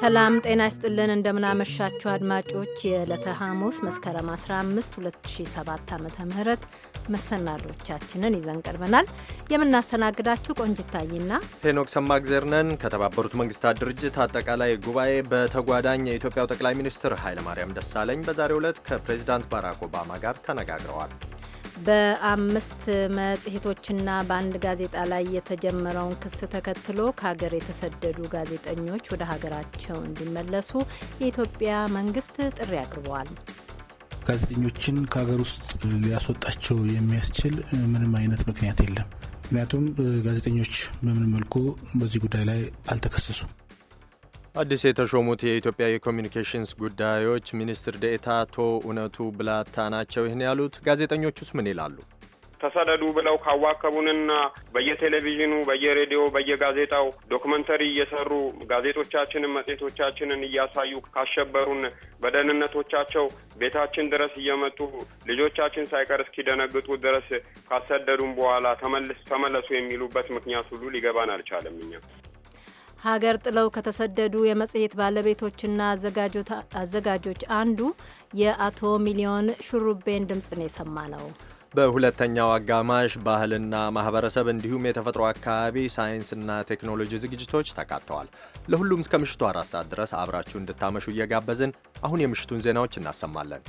ሰላም ጤና ይስጥልን። እንደምናመሻችሁ አድማጮች የዕለተ ሐሙስ መስከረም 15 2007 ዓ ምህረት መሰናዶቻችንን ይዘን ቀርበናል። የምናስተናግዳችሁ ቆንጅታይና ሄኖክ ሰማግዜርነን ከተባበሩት መንግስታት ድርጅት አጠቃላይ ጉባኤ በተጓዳኝ የኢትዮጵያው ጠቅላይ ሚኒስትር ኃይለማርያም ደሳለኝ በዛሬው ዕለት ከፕሬዚዳንት ባራክ ኦባማ ጋር ተነጋግረዋል። በአምስት መጽሔቶችና በአንድ ጋዜጣ ላይ የተጀመረውን ክስ ተከትሎ ከሀገር የተሰደዱ ጋዜጠኞች ወደ ሀገራቸው እንዲመለሱ የኢትዮጵያ መንግስት ጥሪ አቅርበዋል። ጋዜጠኞችን ከሀገር ውስጥ ሊያስወጣቸው የሚያስችል ምንም አይነት ምክንያት የለም። ምክንያቱም ጋዜጠኞች በምን መልኩ በዚህ ጉዳይ ላይ አልተከሰሱም። አዲስ የተሾሙት የኢትዮጵያ የኮሚኒኬሽንስ ጉዳዮች ሚኒስትር ዴኤታ አቶ እውነቱ ብላታ ናቸው። ይህን ያሉት ጋዜጠኞቹስ ምን ይላሉ? ተሰደዱ ብለው ካዋከቡንና በየቴሌቪዥኑ፣ በየሬዲዮ፣ በየጋዜጣው ዶክመንተሪ እየሰሩ ጋዜጦቻችንን፣ መጽሔቶቻችንን እያሳዩ ካሸበሩን በደህንነቶቻቸው ቤታችን ድረስ እየመጡ ልጆቻችን ሳይቀር እስኪደነግጡ ድረስ ካሰደዱን በኋላ ተመለሱ የሚሉበት ምክንያት ሁሉ ሊገባን አልቻለም እኛ ሀገር ጥለው ከተሰደዱ የመጽሔት ባለቤቶችና አዘጋጆች አንዱ የአቶ ሚሊዮን ሹሩቤን ድምፅ ነው የሰማ ነው። በሁለተኛው አጋማሽ ባህልና ማህበረሰብ እንዲሁም የተፈጥሮ አካባቢ ሳይንስና ቴክኖሎጂ ዝግጅቶች ተካተዋል። ለሁሉም እስከ ምሽቱ አራት ሰዓት ድረስ አብራችሁ እንድታመሹ እየጋበዝን አሁን የምሽቱን ዜናዎች እናሰማለን።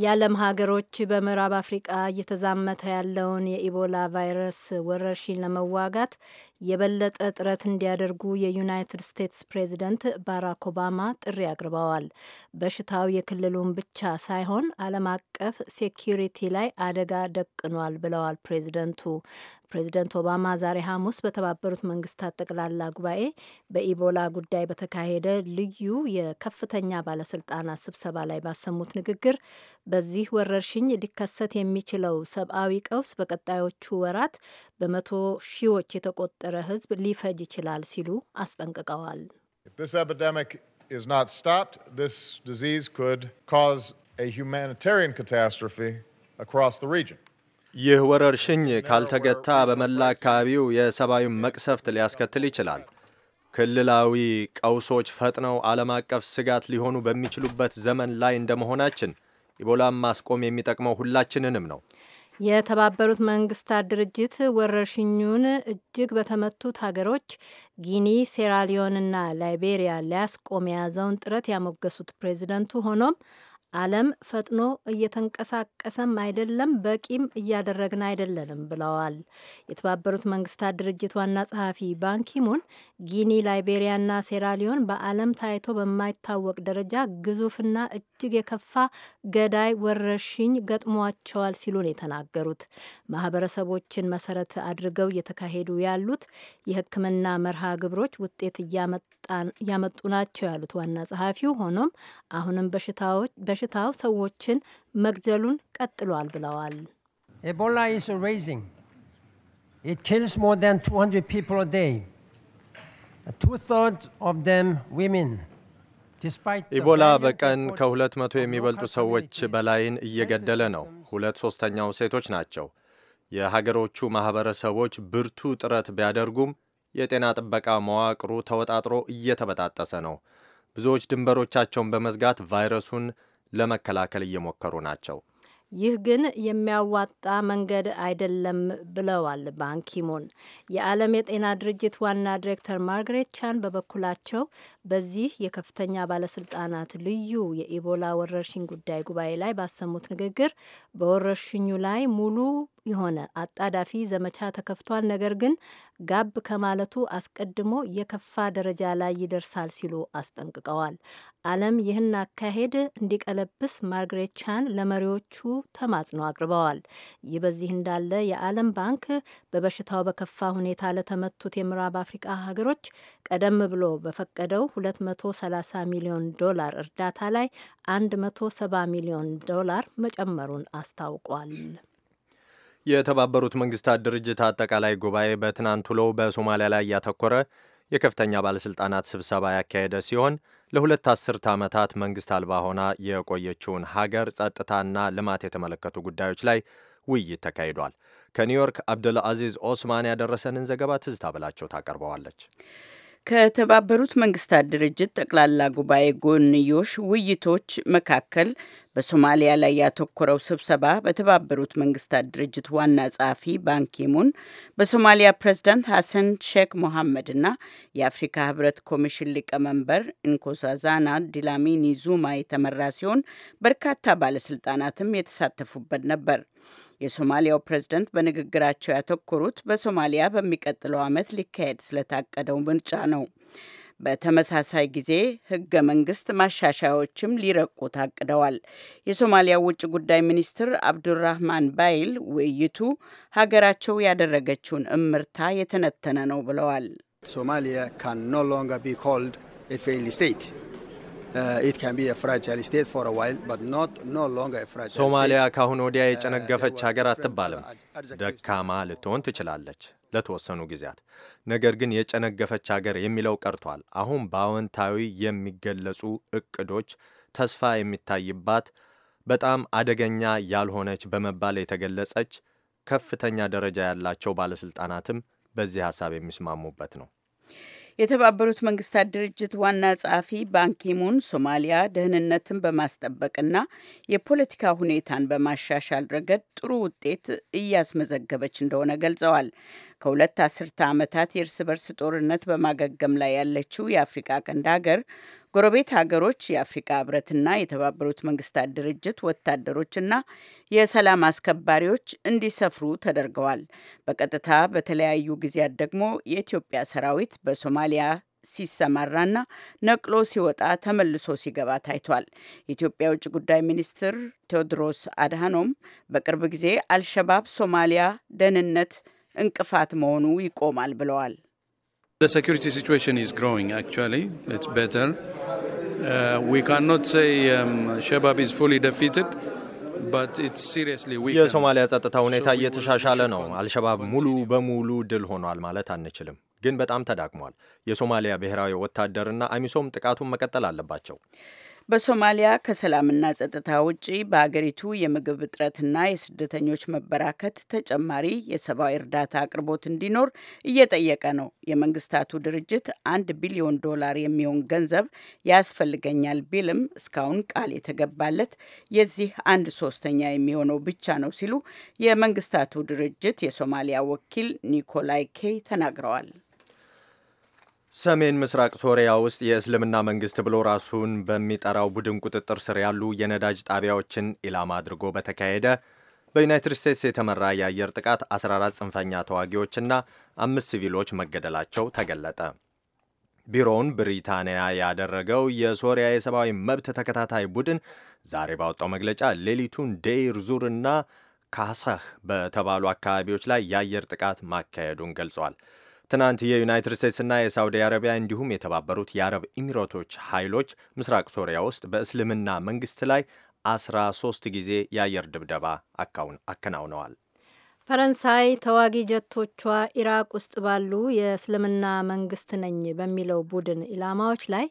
የዓለም ሀገሮች በምዕራብ አፍሪቃ እየተዛመተ ያለውን የኢቦላ ቫይረስ ወረርሽኝ ለመዋጋት የበለጠ ጥረት እንዲያደርጉ የዩናይትድ ስቴትስ ፕሬዚደንት ባራክ ኦባማ ጥሪ አቅርበዋል። በሽታው የክልሉን ብቻ ሳይሆን ዓለም አቀፍ ሴኪሪቲ ላይ አደጋ ደቅኗል ብለዋል ፕሬዚደንቱ። ፕሬዚደንት ኦባማ ዛሬ ሐሙስ በተባበሩት መንግስታት ጠቅላላ ጉባኤ በኢቦላ ጉዳይ በተካሄደ ልዩ የከፍተኛ ባለስልጣናት ስብሰባ ላይ ባሰሙት ንግግር በዚህ ወረርሽኝ ሊከሰት የሚችለው ሰብአዊ ቀውስ በቀጣዮቹ ወራት በመቶ ሺዎች የተቆጠረ ሕዝብ ሊፈጅ ይችላል ሲሉ አስጠንቅቀዋል። ይህ ወረርሽኝ ካልተገታ በመላ አካባቢው የሰብአዊ መቅሰፍት ሊያስከትል ይችላል። ክልላዊ ቀውሶች ፈጥነው ዓለም አቀፍ ስጋት ሊሆኑ በሚችሉበት ዘመን ላይ እንደመሆናችን ኢቦላን ማስቆም የሚጠቅመው ሁላችንንም ነው። የተባበሩት መንግስታት ድርጅት ወረርሽኙን እጅግ በተመቱት ሀገሮች ጊኒ፣ ሴራሊዮንና ላይቤሪያ ሊያስቆም የያዘውን ጥረት ያሞገሱት ፕሬዚደንቱ ሆኖም ዓለም ፈጥኖ እየተንቀሳቀሰም አይደለም፣ በቂም እያደረግን አይደለንም ብለዋል። የተባበሩት መንግስታት ድርጅት ዋና ጸሐፊ ባንኪሙን ጊኒ፣ ላይቤሪያና ሴራሊዮን በዓለም ታይቶ በማይታወቅ ደረጃ ግዙፍና እጅግ የከፋ ገዳይ ወረርሽኝ ገጥሟቸዋል ሲሉ ነው የተናገሩት። ማህበረሰቦችን መሰረት አድርገው እየተካሄዱ ያሉት የሕክምና መርሃ ግብሮች ውጤት እያመጡ ናቸው ያሉት ዋና ጸሐፊው ሆኖም አሁንም በሽታዎች በሽታው ሰዎችን መግደሉን ቀጥሏል ብለዋል። ኤቦላ ኢዝ ኢት ኪልስ ሞር ዛን 200 ፒፕል ኤ ዴይ ቱ ተርድ ኦፍ ዘም ዊሜን ኢቦላ በቀን ከሁለት መቶ የሚበልጡ ሰዎች በላይን እየገደለ ነው። ሁለት ሦስተኛው ሴቶች ናቸው። የሀገሮቹ ማኅበረሰቦች ብርቱ ጥረት ቢያደርጉም የጤና ጥበቃ መዋቅሩ ተወጣጥሮ እየተበጣጠሰ ነው። ብዙዎች ድንበሮቻቸውን በመዝጋት ቫይረሱን ለመከላከል እየሞከሩ ናቸው። ይህ ግን የሚያዋጣ መንገድ አይደለም ብለዋል ባንኪሙን። የዓለም የጤና ድርጅት ዋና ዲሬክተር ማርግሬት ቻን በበኩላቸው በዚህ የከፍተኛ ባለስልጣናት ልዩ የኢቦላ ወረርሽኝ ጉዳይ ጉባኤ ላይ ባሰሙት ንግግር በወረርሽኙ ላይ ሙሉ የሆነ አጣዳፊ ዘመቻ ተከፍቷል፣ ነገር ግን ጋብ ከማለቱ አስቀድሞ የከፋ ደረጃ ላይ ይደርሳል ሲሉ አስጠንቅቀዋል። ዓለም ይህን አካሄድ እንዲቀለብስ ማርግሬት ቻን ለመሪዎቹ ተማጽኖ አቅርበዋል። ይህ በዚህ እንዳለ የዓለም ባንክ በበሽታው በከፋ ሁኔታ ለተመቱት የምዕራብ አፍሪቃ ሀገሮች ቀደም ብሎ በፈቀደው 230 ሚሊዮን ዶላር እርዳታ ላይ 170 ሚሊዮን ዶላር መጨመሩን አስታውቋል። የተባበሩት መንግስታት ድርጅት አጠቃላይ ጉባኤ በትናንት ውሎ በሶማሊያ ላይ ያተኮረ የከፍተኛ ባለሥልጣናት ስብሰባ ያካሄደ ሲሆን ለሁለት አስርተ ዓመታት መንግሥት አልባ ሆና የቆየችውን ሀገር ጸጥታና ልማት የተመለከቱ ጉዳዮች ላይ ውይይት ተካሂዷል። ከኒውዮርክ አብዱል አዚዝ ኦስማን ያደረሰንን ዘገባ ትዝታ ብላቸው ታቀርበዋለች። ከተባበሩት መንግስታት ድርጅት ጠቅላላ ጉባኤ ጎንዮሽ ውይይቶች መካከል በሶማሊያ ላይ ያተኮረው ስብሰባ በተባበሩት መንግስታት ድርጅት ዋና ጸሐፊ ባንኪሙን በሶማሊያ ፕሬዝዳንት ሐሰን ሼክ ሞሐመድ የአፍሪካ ህብረት ኮሚሽን ሊቀመንበር ኢንኮሳዛና ዲላሚኒ ዙማ የተመራ ሲሆን በርካታ ባለስልጣናትም የተሳተፉበት ነበር። የሶማሊያው ፕሬዝደንት በንግግራቸው ያተኮሩት በሶማሊያ በሚቀጥለው ዓመት ሊካሄድ ስለታቀደው ምርጫ ነው። በተመሳሳይ ጊዜ ህገ መንግስት ማሻሻያዎችም ሊረቁ ታቅደዋል። የሶማሊያ ውጭ ጉዳይ ሚኒስትር አብዱራህማን ባይል ውይይቱ ሀገራቸው ያደረገችውን እምርታ የተነተነ ነው ብለዋል። ሶማሊያ ካን ኖ ሎንገር ቢ ኮልድ ኤ ፌይልድ ስቴት Uh, ሶማሊያ uh, ካሁን ወዲያ የጨነገፈች ሀገር uh, አትባልም። ደካማ ልትሆን ትችላለች ለተወሰኑ ጊዜያት። ነገር ግን የጨነገፈች ሀገር የሚለው ቀርቷል። አሁን በአዎንታዊ የሚገለጹ እቅዶች ተስፋ የሚታይባት በጣም አደገኛ ያልሆነች በመባል የተገለጸች ከፍተኛ ደረጃ ያላቸው ባለሥልጣናትም በዚህ ሐሳብ የሚስማሙበት ነው። የተባበሩት መንግስታት ድርጅት ዋና ጸሐፊ ባንኪሙን ሶማሊያ ደህንነትን በማስጠበቅና የፖለቲካ ሁኔታን በማሻሻል ረገድ ጥሩ ውጤት እያስመዘገበች እንደሆነ ገልጸዋል። ከሁለት አስርተ ዓመታት የእርስ በርስ ጦርነት በማገገም ላይ ያለችው የአፍሪቃ ቀንድ ሀገር ጎረቤት ሀገሮች የአፍሪቃ ህብረትና የተባበሩት መንግስታት ድርጅት ወታደሮችና የሰላም አስከባሪዎች እንዲሰፍሩ ተደርገዋል። በቀጥታ በተለያዩ ጊዜያት ደግሞ የኢትዮጵያ ሰራዊት በሶማሊያ ሲሰማራና ነቅሎ ሲወጣ ተመልሶ ሲገባ ታይቷል። የኢትዮጵያ ውጭ ጉዳይ ሚኒስትር ቴዎድሮስ አድሃኖም በቅርብ ጊዜ አልሸባብ ሶማሊያ ደህንነት እንቅፋት መሆኑ ይቆማል ብለዋል። uh, um, የሶማሊያ ጸጥታ ሁኔታ እየተሻሻለ ነው። አልሸባብ ሙሉ በሙሉ ድል ሆኗል ማለት አንችልም፣ ግን በጣም ተዳክሟል። የሶማሊያ ብሔራዊ ወታደርና አሚሶም ጥቃቱን መቀጠል አለባቸው። በሶማሊያ ከሰላምና ጸጥታ ውጪ በአገሪቱ የምግብ እጥረትና የስደተኞች መበራከት ተጨማሪ የሰብአዊ እርዳታ አቅርቦት እንዲኖር እየጠየቀ ነው። የመንግስታቱ ድርጅት አንድ ቢሊዮን ዶላር የሚሆን ገንዘብ ያስፈልገኛል ቢልም እስካሁን ቃል የተገባለት የዚህ አንድ ሶስተኛ የሚሆነው ብቻ ነው ሲሉ የመንግስታቱ ድርጅት የሶማሊያ ወኪል ኒኮላይ ኬይ ተናግረዋል። ሰሜን ምስራቅ ሶሪያ ውስጥ የእስልምና መንግስት ብሎ ራሱን በሚጠራው ቡድን ቁጥጥር ስር ያሉ የነዳጅ ጣቢያዎችን ኢላማ አድርጎ በተካሄደ በዩናይትድ ስቴትስ የተመራ የአየር ጥቃት 14 ጽንፈኛ ተዋጊዎችና አምስት ሲቪሎች መገደላቸው ተገለጠ። ቢሮውን ብሪታንያ ያደረገው የሶሪያ የሰብአዊ መብት ተከታታይ ቡድን ዛሬ ባወጣው መግለጫ ሌሊቱን ዴይር ዙርና ካሳህ በተባሉ አካባቢዎች ላይ የአየር ጥቃት ማካሄዱን ገልጿል። ትናንት የዩናይትድ ስቴትስና የሳውዲ አረቢያ እንዲሁም የተባበሩት የአረብ ኢሚሬቶች ኃይሎች ምስራቅ ሶሪያ ውስጥ በእስልምና መንግስት ላይ አስራ ሶስት ጊዜ የአየር ድብደባ አከናውነዋል። ፈረንሳይ ተዋጊ ጀቶቿ ኢራቅ ውስጥ ባሉ የእስልምና መንግስት ነኝ በሚለው ቡድን ኢላማዎች ላይ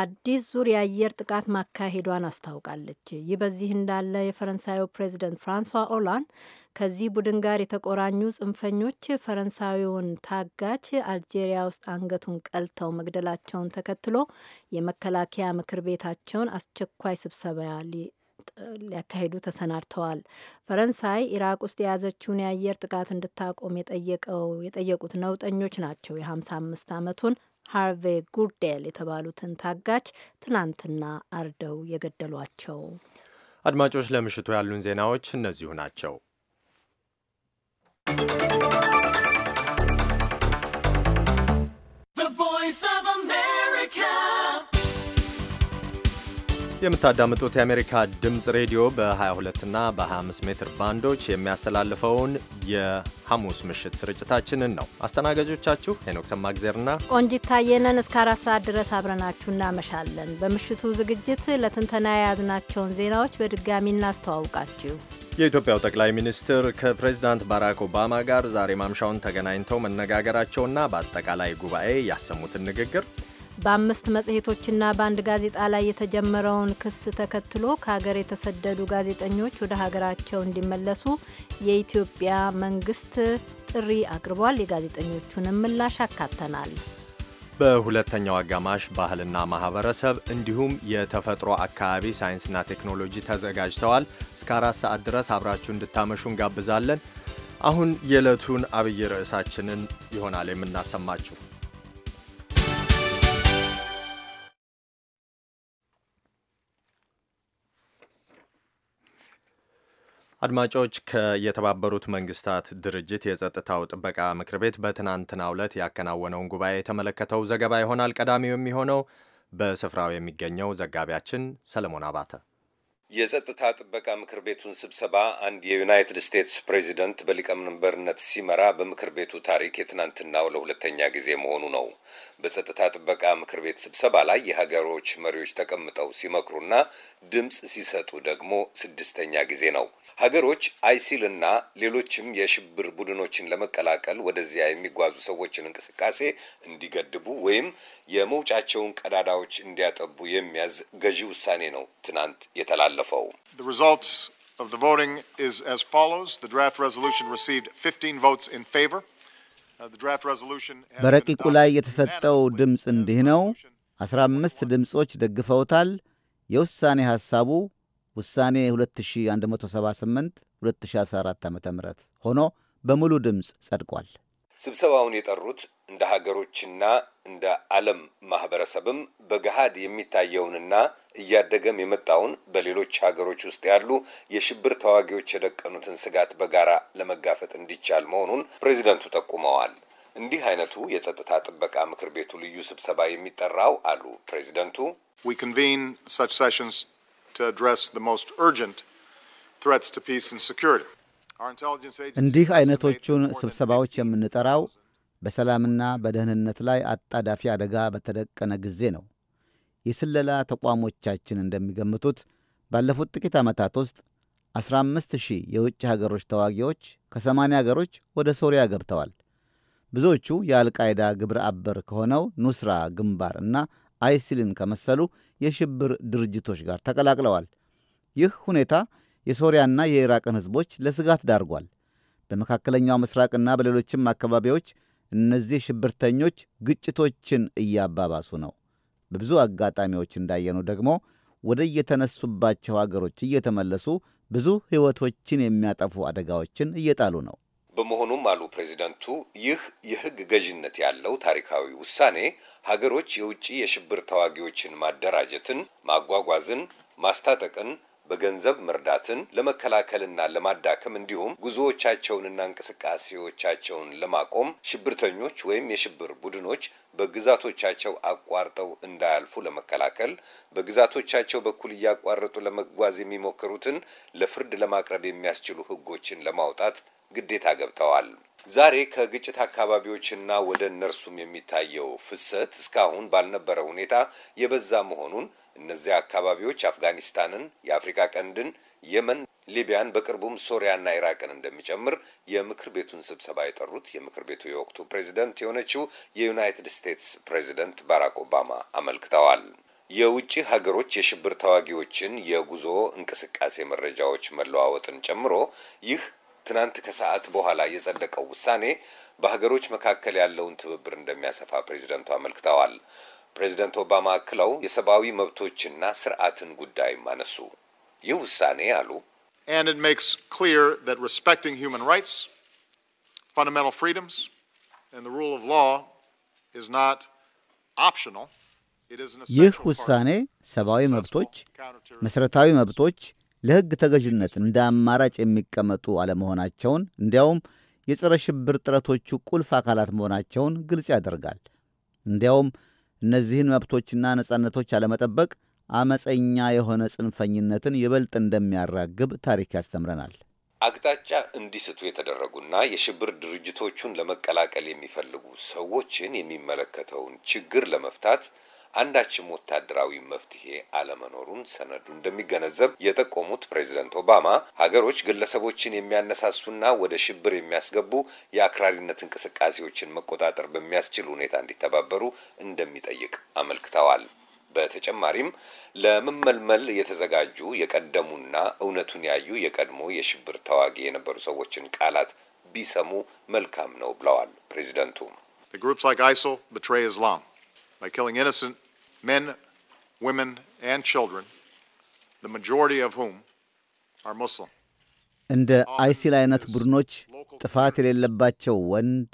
አዲስ ዙር የአየር ጥቃት ማካሄዷን አስታውቃለች። ይህ በዚህ እንዳለ የፈረንሳዩ ፕሬዚደንት ፍራንሷ ኦላንድ ከዚህ ቡድን ጋር የተቆራኙ ጽንፈኞች ፈረንሳዊውን ታጋች አልጄሪያ ውስጥ አንገቱን ቀልተው መግደላቸውን ተከትሎ የመከላከያ ምክር ቤታቸውን አስቸኳይ ስብሰባ ሊያካሂዱ ተሰናድተዋል። ፈረንሳይ ኢራቅ ውስጥ የያዘችውን የአየር ጥቃት እንድታቆም የጠየቀው የጠየቁት ነውጠኞች ናቸው የ55 ዓመቱን ሃርቬ ጉርዴል የተባሉትን ታጋች ትናንትና አርደው የገደሏቸው። አድማጮች ለምሽቱ ያሉን ዜናዎች እነዚሁ ናቸው። የምታዳምጡት የአሜሪካ ድምፅ ሬዲዮ በ22 እና በ25 ሜትር ባንዶች የሚያስተላልፈውን የሐሙስ ምሽት ስርጭታችንን ነው። አስተናጋጆቻችሁ ሄኖክ ሰማግዜርና ቆንጂት ታየነን እስከ አራት ሰዓት ድረስ አብረናችሁ እናመሻለን። በምሽቱ ዝግጅት ለትንተና የያዝናቸውን ዜናዎች በድጋሚ እናስተዋውቃችሁ። የኢትዮጵያው ጠቅላይ ሚኒስትር ከፕሬዚዳንት ባራክ ኦባማ ጋር ዛሬ ማምሻውን ተገናኝተው መነጋገራቸውና በአጠቃላይ ጉባኤ ያሰሙትን ንግግር በአምስት መጽሔቶችና በአንድ ጋዜጣ ላይ የተጀመረውን ክስ ተከትሎ ከሀገር የተሰደዱ ጋዜጠኞች ወደ ሀገራቸው እንዲመለሱ የኢትዮጵያ መንግስት ጥሪ አቅርቧል። የጋዜጠኞቹንም ምላሽ አካተናል። በሁለተኛው አጋማሽ ባህልና ማህበረሰብ እንዲሁም የተፈጥሮ አካባቢ ሳይንስና ቴክኖሎጂ ተዘጋጅተዋል። እስከ አራት ሰዓት ድረስ አብራችሁ እንድታመሹ እንጋብዛለን። አሁን የዕለቱን አብይ ርዕሳችንን ይሆናል የምናሰማችሁ። አድማጮች ከየተባበሩት መንግስታት ድርጅት የጸጥታው ጥበቃ ምክር ቤት በትናንትናው ዕለት ያከናወነውን ጉባኤ የተመለከተው ዘገባ ይሆናል። ቀዳሚው የሚሆነው በስፍራው የሚገኘው ዘጋቢያችን ሰለሞን አባተ። የጸጥታ ጥበቃ ምክር ቤቱን ስብሰባ አንድ የዩናይትድ ስቴትስ ፕሬዚደንት በሊቀመንበርነት ሲመራ በምክር ቤቱ ታሪክ የትናንትናው ለሁለተኛ ጊዜ መሆኑ ነው። በጸጥታ ጥበቃ ምክር ቤት ስብሰባ ላይ የሀገሮች መሪዎች ተቀምጠው ሲመክሩና ድምፅ ሲሰጡ ደግሞ ስድስተኛ ጊዜ ነው። ሀገሮች አይሲል እና ሌሎችም የሽብር ቡድኖችን ለመቀላቀል ወደዚያ የሚጓዙ ሰዎችን እንቅስቃሴ እንዲገድቡ ወይም የመውጫቸውን ቀዳዳዎች እንዲያጠቡ የሚያዝ ገዢ ውሳኔ ነው ትናንት የተላለፈው። uh, በረቂቁ ላይ የተሰጠው ድምፅ እንዲህ ነው። አምስት ድምፆች ደግፈውታል። የውሳኔ ሐሳቡ ውሳኔ 2178 2014 ዓ ም ሆኖ በሙሉ ድምፅ ጸድቋል። ስብሰባውን የጠሩት እንደ ሀገሮችና እንደ ዓለም ማህበረሰብም በገሃድ የሚታየውንና እያደገም የመጣውን በሌሎች ሀገሮች ውስጥ ያሉ የሽብር ተዋጊዎች የደቀኑትን ስጋት በጋራ ለመጋፈጥ እንዲቻል መሆኑን ፕሬዚደንቱ ጠቁመዋል። እንዲህ አይነቱ የጸጥታ ጥበቃ ምክር ቤቱ ልዩ ስብሰባ የሚጠራው አሉ ፕሬዚደንቱ address the most urgent threats to peace እንዲህ አይነቶቹን ስብሰባዎች የምንጠራው በሰላምና በደህንነት ላይ አጣዳፊ አደጋ በተደቀነ ጊዜ ነው። የስለላ ተቋሞቻችን እንደሚገምቱት ባለፉት ጥቂት ዓመታት ውስጥ 15 ሺህ የውጭ ሀገሮች ተዋጊዎች ከ80 ሀገሮች ወደ ሶሪያ ገብተዋል። ብዙዎቹ የአልቃይዳ ግብረ አበር ከሆነው ኑስራ ግንባር እና አይሲልን ከመሰሉ የሽብር ድርጅቶች ጋር ተቀላቅለዋል። ይህ ሁኔታ የሶሪያና የኢራቅን ሕዝቦች ለስጋት ዳርጓል። በመካከለኛው ምስራቅና በሌሎችም አካባቢዎች እነዚህ ሽብርተኞች ግጭቶችን እያባባሱ ነው። በብዙ አጋጣሚዎች እንዳየኑ ደግሞ ወደ የተነሱባቸው አገሮች እየተመለሱ ብዙ ሕይወቶችን የሚያጠፉ አደጋዎችን እየጣሉ ነው። በመሆኑም አሉ ፕሬዚደንቱ፣ ይህ የህግ ገዥነት ያለው ታሪካዊ ውሳኔ ሀገሮች የውጭ የሽብር ተዋጊዎችን ማደራጀትን፣ ማጓጓዝን፣ ማስታጠቅን በገንዘብ መርዳትን ለመከላከልና ለማዳከም እንዲሁም ጉዞዎቻቸውንና እንቅስቃሴዎቻቸውን ለማቆም ሽብርተኞች ወይም የሽብር ቡድኖች በግዛቶቻቸው አቋርጠው እንዳያልፉ ለመከላከል በግዛቶቻቸው በኩል እያቋረጡ ለመጓዝ የሚሞክሩትን ለፍርድ ለማቅረብ የሚያስችሉ ህጎችን ለማውጣት ግዴታ ገብተዋል። ዛሬ ከግጭት አካባቢዎችና ወደ እነርሱም የሚታየው ፍሰት እስካሁን ባልነበረ ሁኔታ የበዛ መሆኑን እነዚያ አካባቢዎች አፍጋኒስታንን፣ የአፍሪካ ቀንድን፣ የመን፣ ሊቢያን በቅርቡም ሶሪያና ኢራቅን እንደሚጨምር የምክር ቤቱን ስብሰባ የጠሩት የምክር ቤቱ የወቅቱ ፕሬዚደንት የሆነችው የዩናይትድ ስቴትስ ፕሬዚደንት ባራክ ኦባማ አመልክተዋል። የውጭ ሀገሮች የሽብር ተዋጊዎችን የጉዞ እንቅስቃሴ መረጃዎች መለዋወጥን ጨምሮ ይህ ትናንት ከሰዓት በኋላ የጸደቀው ውሳኔ በሀገሮች መካከል ያለውን ትብብር እንደሚያሰፋ ፕሬዚደንቱ አመልክተዋል። ፕሬዚደንት ኦባማ አክለው የሰብአዊ መብቶችና ስርዓትን ጉዳይም አነሱ። ይህ ውሳኔ አሉ ይህ ውሳኔ ሰብአዊ መብቶች፣ መሠረታዊ መብቶች ለሕግ ተገዥነት እንደ አማራጭ የሚቀመጡ አለመሆናቸውን እንዲያውም የጸረ ሽብር ጥረቶቹ ቁልፍ አካላት መሆናቸውን ግልጽ ያደርጋል። እንዲያውም እነዚህን መብቶችና ነጻነቶች አለመጠበቅ አመፀኛ የሆነ ጽንፈኝነትን ይበልጥ እንደሚያራግብ ታሪክ ያስተምረናል። አቅጣጫ እንዲስቱ የተደረጉና የሽብር ድርጅቶቹን ለመቀላቀል የሚፈልጉ ሰዎችን የሚመለከተውን ችግር ለመፍታት አንዳችም ወታደራዊ መፍትሄ አለመኖሩን ሰነዱ እንደሚገነዘብ የጠቆሙት ፕሬዚደንት ኦባማ ሀገሮች ግለሰቦችን የሚያነሳሱና ወደ ሽብር የሚያስገቡ የአክራሪነት እንቅስቃሴዎችን መቆጣጠር በሚያስችል ሁኔታ እንዲተባበሩ እንደሚጠይቅ አመልክተዋል። በተጨማሪም ለመመልመል የተዘጋጁ የቀደሙና እውነቱን ያዩ የቀድሞ የሽብር ተዋጊ የነበሩ ሰዎችን ቃላት ቢሰሙ መልካም ነው ብለዋል ፕሬዚደንቱ። by killing innocent men, women, and children, the majority of whom are Muslim. እንደ አይሲል አይነት ቡድኖች ጥፋት የሌለባቸው ወንድ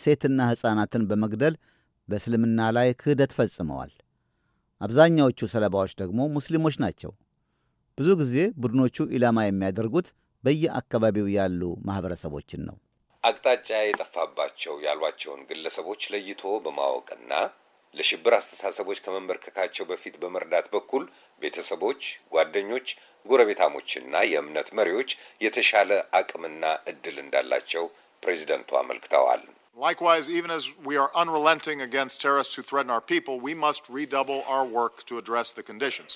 ሴትና ሕፃናትን በመግደል በእስልምና ላይ ክህደት ፈጽመዋል። አብዛኛዎቹ ሰለባዎች ደግሞ ሙስሊሞች ናቸው። ብዙ ጊዜ ቡድኖቹ ኢላማ የሚያደርጉት በየአካባቢው ያሉ ማኅበረሰቦችን ነው። አቅጣጫ የጠፋባቸው ያሏቸውን ግለሰቦች ለይቶ በማወቅና ለሽብር አስተሳሰቦች ከመንበርከካቸው በፊት በመርዳት በኩል ቤተሰቦች፣ ጓደኞች፣ ጎረቤታሞችና የእምነት መሪዎች የተሻለ አቅምና እድል እንዳላቸው ፕሬዚደንቱ አመልክተዋል። Likewise, even as we are unrelenting against terrorists who threaten our people, we must redouble our work to address the conditions.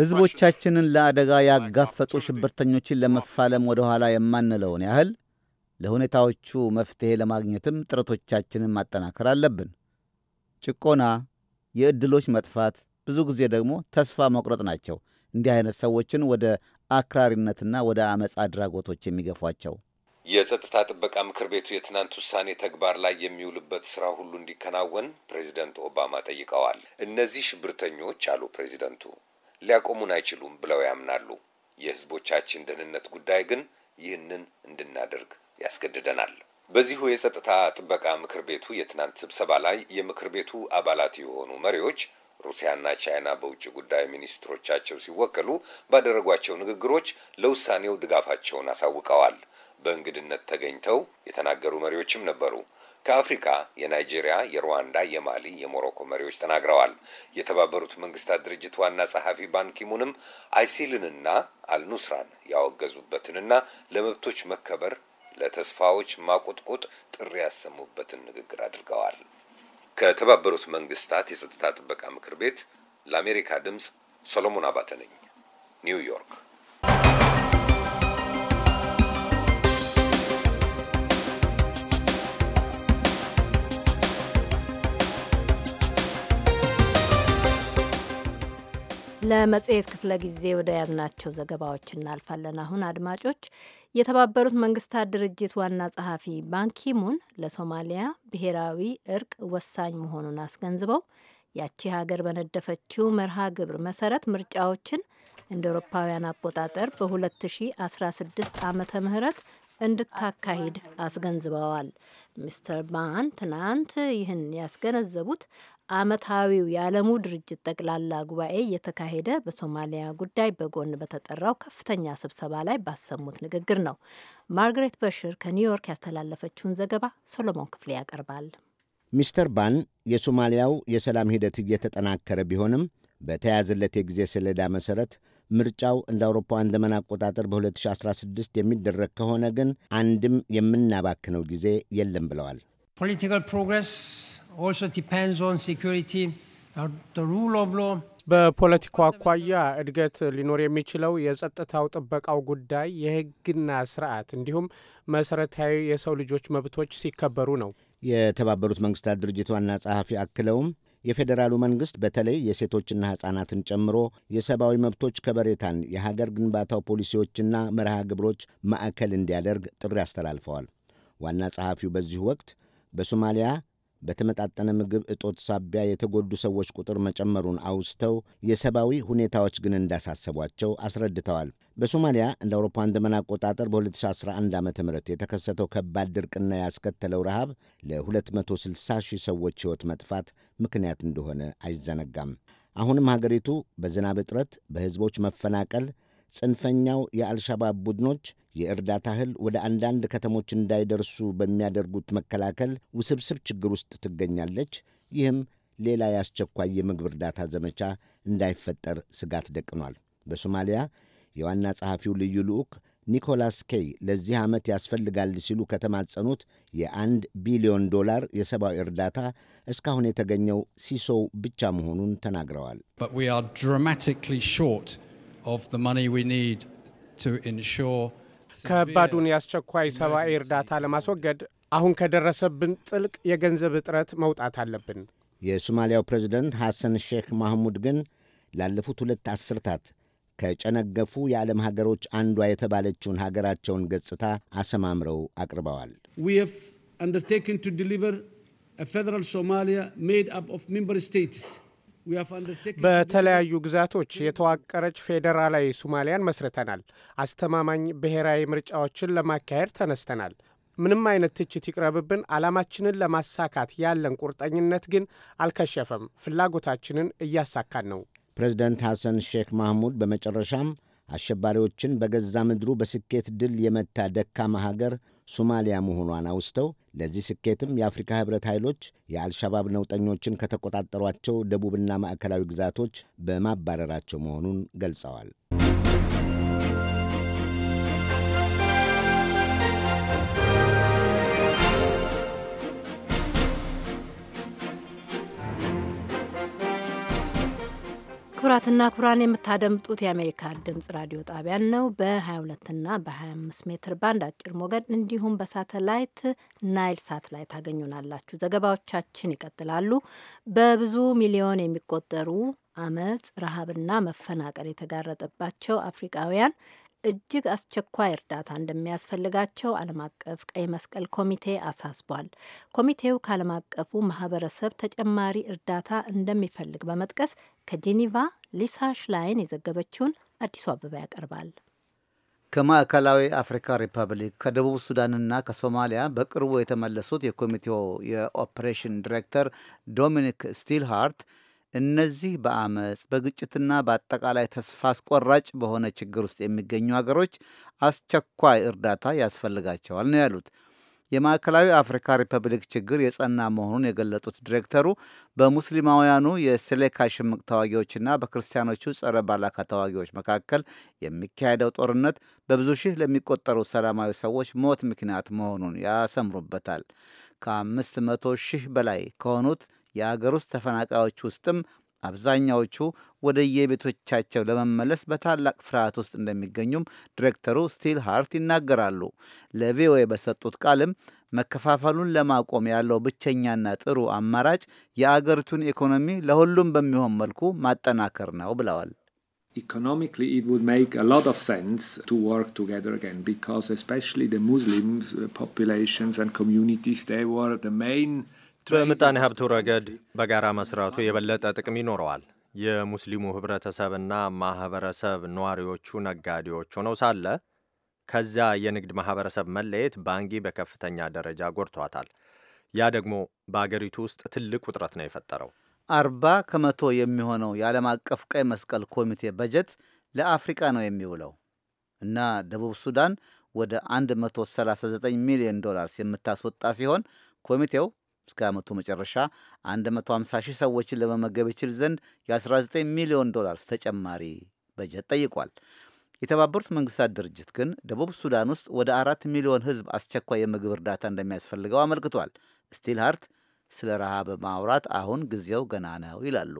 ሕዝቦቻችንን ለአደጋ ያጋፈጡ ሽብርተኞችን ለመፋለም ወደ ኋላ የማንለውን ያህል ለሁኔታዎቹ መፍትሔ ለማግኘትም ጥረቶቻችንን ማጠናከር አለብን። ጭቆና፣ የዕድሎች መጥፋት፣ ብዙ ጊዜ ደግሞ ተስፋ መቁረጥ ናቸው እንዲህ አይነት ሰዎችን ወደ አክራሪነትና ወደ አመፅ አድራጎቶች የሚገፏቸው። የጸጥታ ጥበቃ ምክር ቤቱ የትናንት ውሳኔ ተግባር ላይ የሚውልበት ስራ ሁሉ እንዲከናወን ፕሬዚደንት ኦባማ ጠይቀዋል። እነዚህ ሽብርተኞች አሉ ፕሬዚደንቱ ሊያቆሙን አይችሉም ብለው ያምናሉ። የህዝቦቻችን ደህንነት ጉዳይ ግን ይህንን እንድናደርግ ያስገድደናል። በዚሁ የጸጥታ ጥበቃ ምክር ቤቱ የትናንት ስብሰባ ላይ የምክር ቤቱ አባላት የሆኑ መሪዎች ሩሲያና ቻይና በውጭ ጉዳይ ሚኒስትሮቻቸው ሲወከሉ ባደረጓቸው ንግግሮች ለውሳኔው ድጋፋቸውን አሳውቀዋል። በእንግድነት ተገኝተው የተናገሩ መሪዎችም ነበሩ። ከአፍሪካ የናይጄሪያ፣ የሩዋንዳ፣ የማሊ፣ የሞሮኮ መሪዎች ተናግረዋል። የተባበሩት መንግስታት ድርጅት ዋና ጸሐፊ ባንኪሙንም አይሲልንና አልኑስራን ያወገዙበትንና ለመብቶች መከበር ለተስፋዎች ማቆጥቆጥ ጥሪ ያሰሙበትን ንግግር አድርገዋል። ከተባበሩት መንግስታት የጸጥታ ጥበቃ ምክር ቤት ለአሜሪካ ድምፅ ሰሎሞን አባተ ነኝ፣ ኒውዮርክ። ለመጽሔት ክፍለ ጊዜ ወደ ያዝናቸው ዘገባዎች እናልፋለን። አሁን አድማጮች የተባበሩት መንግስታት ድርጅት ዋና ጸሐፊ ባንኪሙን ለሶማሊያ ብሔራዊ እርቅ ወሳኝ መሆኑን አስገንዝበው ያቺ ሀገር በነደፈችው መርሃ ግብር መሰረት ምርጫዎችን እንደ አውሮፓውያን አቆጣጠር በ2016 ዓመተ ምህረት እንድታካሂድ አስገንዝበዋል። ሚስተር ባን ትናንት ይህን ያስገነዘቡት ዓመታዊው የዓለሙ ድርጅት ጠቅላላ ጉባኤ እየተካሄደ በሶማሊያ ጉዳይ በጎን በተጠራው ከፍተኛ ስብሰባ ላይ ባሰሙት ንግግር ነው። ማርግሬት በሽር ከኒውዮርክ ያስተላለፈችውን ዘገባ ሶሎሞን ክፍሌ ያቀርባል። ሚስተር ባን የሶማሊያው የሰላም ሂደት እየተጠናከረ ቢሆንም በተያያዘለት የጊዜ ሰሌዳ መሠረት ምርጫው እንደ አውሮፓውያን ዘመን አቆጣጠር በ2016 የሚደረግ ከሆነ ግን አንድም የምናባክነው ጊዜ የለም ብለዋል። ፖለቲካል ፕሮግረስ በፖለቲካው አኳያ እድገት ሊኖር የሚችለው የጸጥታው ጥበቃው ጉዳይ፣ የህግና ስርዓት እንዲሁም መሰረታዊ የሰው ልጆች መብቶች ሲከበሩ ነው። የተባበሩት መንግስታት ድርጅት ዋና ጸሐፊ አክለውም የፌዴራሉ መንግስት በተለይ የሴቶችና ሕፃናትን ጨምሮ የሰብአዊ መብቶች ከበሬታን የሀገር ግንባታው ፖሊሲዎችና መርሃ ግብሮች ማዕከል እንዲያደርግ ጥሪ አስተላልፈዋል። ዋና ጸሐፊው በዚሁ ወቅት በሶማሊያ በተመጣጠነ ምግብ እጦት ሳቢያ የተጎዱ ሰዎች ቁጥር መጨመሩን አውስተው የሰብአዊ ሁኔታዎች ግን እንዳሳሰቧቸው አስረድተዋል። በሶማሊያ እንደ አውሮፓውያን ዘመን አቆጣጠር በ2011 ዓ ም የተከሰተው ከባድ ድርቅና ያስከተለው ረሃብ ለ260 ሺህ ሰዎች ሕይወት መጥፋት ምክንያት እንደሆነ አይዘነጋም። አሁንም ሀገሪቱ በዝናብ እጥረት፣ በሕዝቦች መፈናቀል ጽንፈኛው የአልሻባብ ቡድኖች የእርዳታ እህል ወደ አንዳንድ ከተሞች እንዳይደርሱ በሚያደርጉት መከላከል ውስብስብ ችግር ውስጥ ትገኛለች። ይህም ሌላ የአስቸኳይ የምግብ እርዳታ ዘመቻ እንዳይፈጠር ስጋት ደቅኗል። በሶማሊያ የዋና ጸሐፊው ልዩ ልዑክ ኒኮላስ ኬይ ለዚህ ዓመት ያስፈልጋል ሲሉ ከተማጸኑት የአንድ ቢሊዮን ዶላር የሰብአዊ እርዳታ እስካሁን የተገኘው ሲሶው ብቻ መሆኑን ተናግረዋል። ከባዱን የአስቸኳይ ሰብአዊ እርዳታ ለማስወገድ አሁን ከደረሰብን ጥልቅ የገንዘብ እጥረት መውጣት አለብን። የሶማሊያው ፕሬዚደንት ሐሰን ሼክ ማህሙድ ግን ላለፉት ሁለት አስርታት ከጨነገፉ የዓለም ሀገሮች አንዷ የተባለችውን ሀገራቸውን ገጽታ አሰማምረው አቅርበዋል። ሶማሊያ ሜድ በተለያዩ ግዛቶች የተዋቀረች ፌዴራላዊ ሱማሊያን መስርተናል። አስተማማኝ ብሔራዊ ምርጫዎችን ለማካሄድ ተነስተናል። ምንም አይነት ትችት ይቅረብብን፣ ዓላማችንን ለማሳካት ያለን ቁርጠኝነት ግን አልከሸፈም። ፍላጎታችንን እያሳካን ነው። ፕሬዚደንት ሐሰን ሼክ ማህሙድ በመጨረሻም አሸባሪዎችን በገዛ ምድሩ በስኬት ድል የመታ ደካማ ሀገር ሱማሊያ መሆኗን አውስተው ለዚህ ስኬትም የአፍሪካ ህብረት ኃይሎች የአልሻባብ ነውጠኞችን ከተቆጣጠሯቸው ደቡብና ማዕከላዊ ግዛቶች በማባረራቸው መሆኑን ገልጸዋል። ክቡራትና ክቡራን የምታደምጡት የአሜሪካ ድምጽ ራዲዮ ጣቢያን ነው። በ22ና በ25 ሜትር ባንድ አጭር ሞገድ እንዲሁም በሳተላይት ናይል ሳት ላይ ታገኙናላችሁ። ዘገባዎቻችን ይቀጥላሉ። በብዙ ሚሊዮን የሚቆጠሩ አመፅ፣ ረሃብና መፈናቀል የተጋረጠባቸው አፍሪቃውያን እጅግ አስቸኳይ እርዳታ እንደሚያስፈልጋቸው ዓለም አቀፍ ቀይ መስቀል ኮሚቴ አሳስቧል። ኮሚቴው ከዓለም አቀፉ ማህበረሰብ ተጨማሪ እርዳታ እንደሚፈልግ በመጥቀስ ከጄኒቫ ሊሳ ሽላይን የዘገበችውን አዲሱ አበባ ያቀርባል። ከማዕከላዊ አፍሪካ ሪፐብሊክ ከደቡብ ሱዳንና ከሶማሊያ በቅርቡ የተመለሱት የኮሚቴው የኦፕሬሽን ዲሬክተር ዶሚኒክ ስቲልሃርት እነዚህ በአመፅ በግጭትና በአጠቃላይ ተስፋ አስቆራጭ በሆነ ችግር ውስጥ የሚገኙ ሀገሮች አስቸኳይ እርዳታ ያስፈልጋቸዋል ነው ያሉት። የማዕከላዊ አፍሪካ ሪፐብሊክ ችግር የጸና መሆኑን የገለጡት ዲሬክተሩ በሙስሊማውያኑ የሴሌካ ሽምቅ ተዋጊዎችና በክርስቲያኖቹ ጸረ ባላካ ተዋጊዎች መካከል የሚካሄደው ጦርነት በብዙ ሺህ ለሚቆጠሩ ሰላማዊ ሰዎች ሞት ምክንያት መሆኑን ያሰምሩበታል። ከአምስት መቶ ሺህ በላይ ከሆኑት የአገር ውስጥ ተፈናቃዮች ውስጥም አብዛኛዎቹ ወደ የቤቶቻቸው ለመመለስ በታላቅ ፍርሃት ውስጥ እንደሚገኙም ዲሬክተሩ ስቲል ሃርት ይናገራሉ። ለቪኦኤ በሰጡት ቃልም መከፋፈሉን ለማቆም ያለው ብቸኛና ጥሩ አማራጭ የአገሪቱን ኢኮኖሚ ለሁሉም በሚሆን መልኩ ማጠናከር ነው ብለዋል። Economically, it would make a lot of sense to work together again because, especially the uh, populations and communities, they were the main በምጣኔ ሀብቱ ረገድ በጋራ መስራቱ የበለጠ ጥቅም ይኖረዋል። የሙስሊሙ ህብረተሰብና ማህበረሰብ ነዋሪዎቹ ነጋዴዎች ሆነው ሳለ ከዚያ የንግድ ማህበረሰብ መለየት ባንጊ በከፍተኛ ደረጃ ጎድቷታል። ያ ደግሞ በአገሪቱ ውስጥ ትልቅ ውጥረት ነው የፈጠረው። አርባ ከመቶ የሚሆነው የዓለም አቀፍ ቀይ መስቀል ኮሚቴ በጀት ለአፍሪቃ ነው የሚውለው እና ደቡብ ሱዳን ወደ 139 ሚሊዮን ዶላርስ የምታስወጣ ሲሆን ኮሚቴው እስከ ዓመቱ መጨረሻ 150 ሺህ ሰዎችን ለመመገብ ይችል ዘንድ የ19 ሚሊዮን ዶላርስ ተጨማሪ በጀት ጠይቋል። የተባበሩት መንግስታት ድርጅት ግን ደቡብ ሱዳን ውስጥ ወደ አራት ሚሊዮን ህዝብ አስቸኳይ የምግብ እርዳታ እንደሚያስፈልገው አመልክቷል። ስቲል ሃርት ስለ ረሃብ ማውራት አሁን ጊዜው ገና ነው ይላሉ።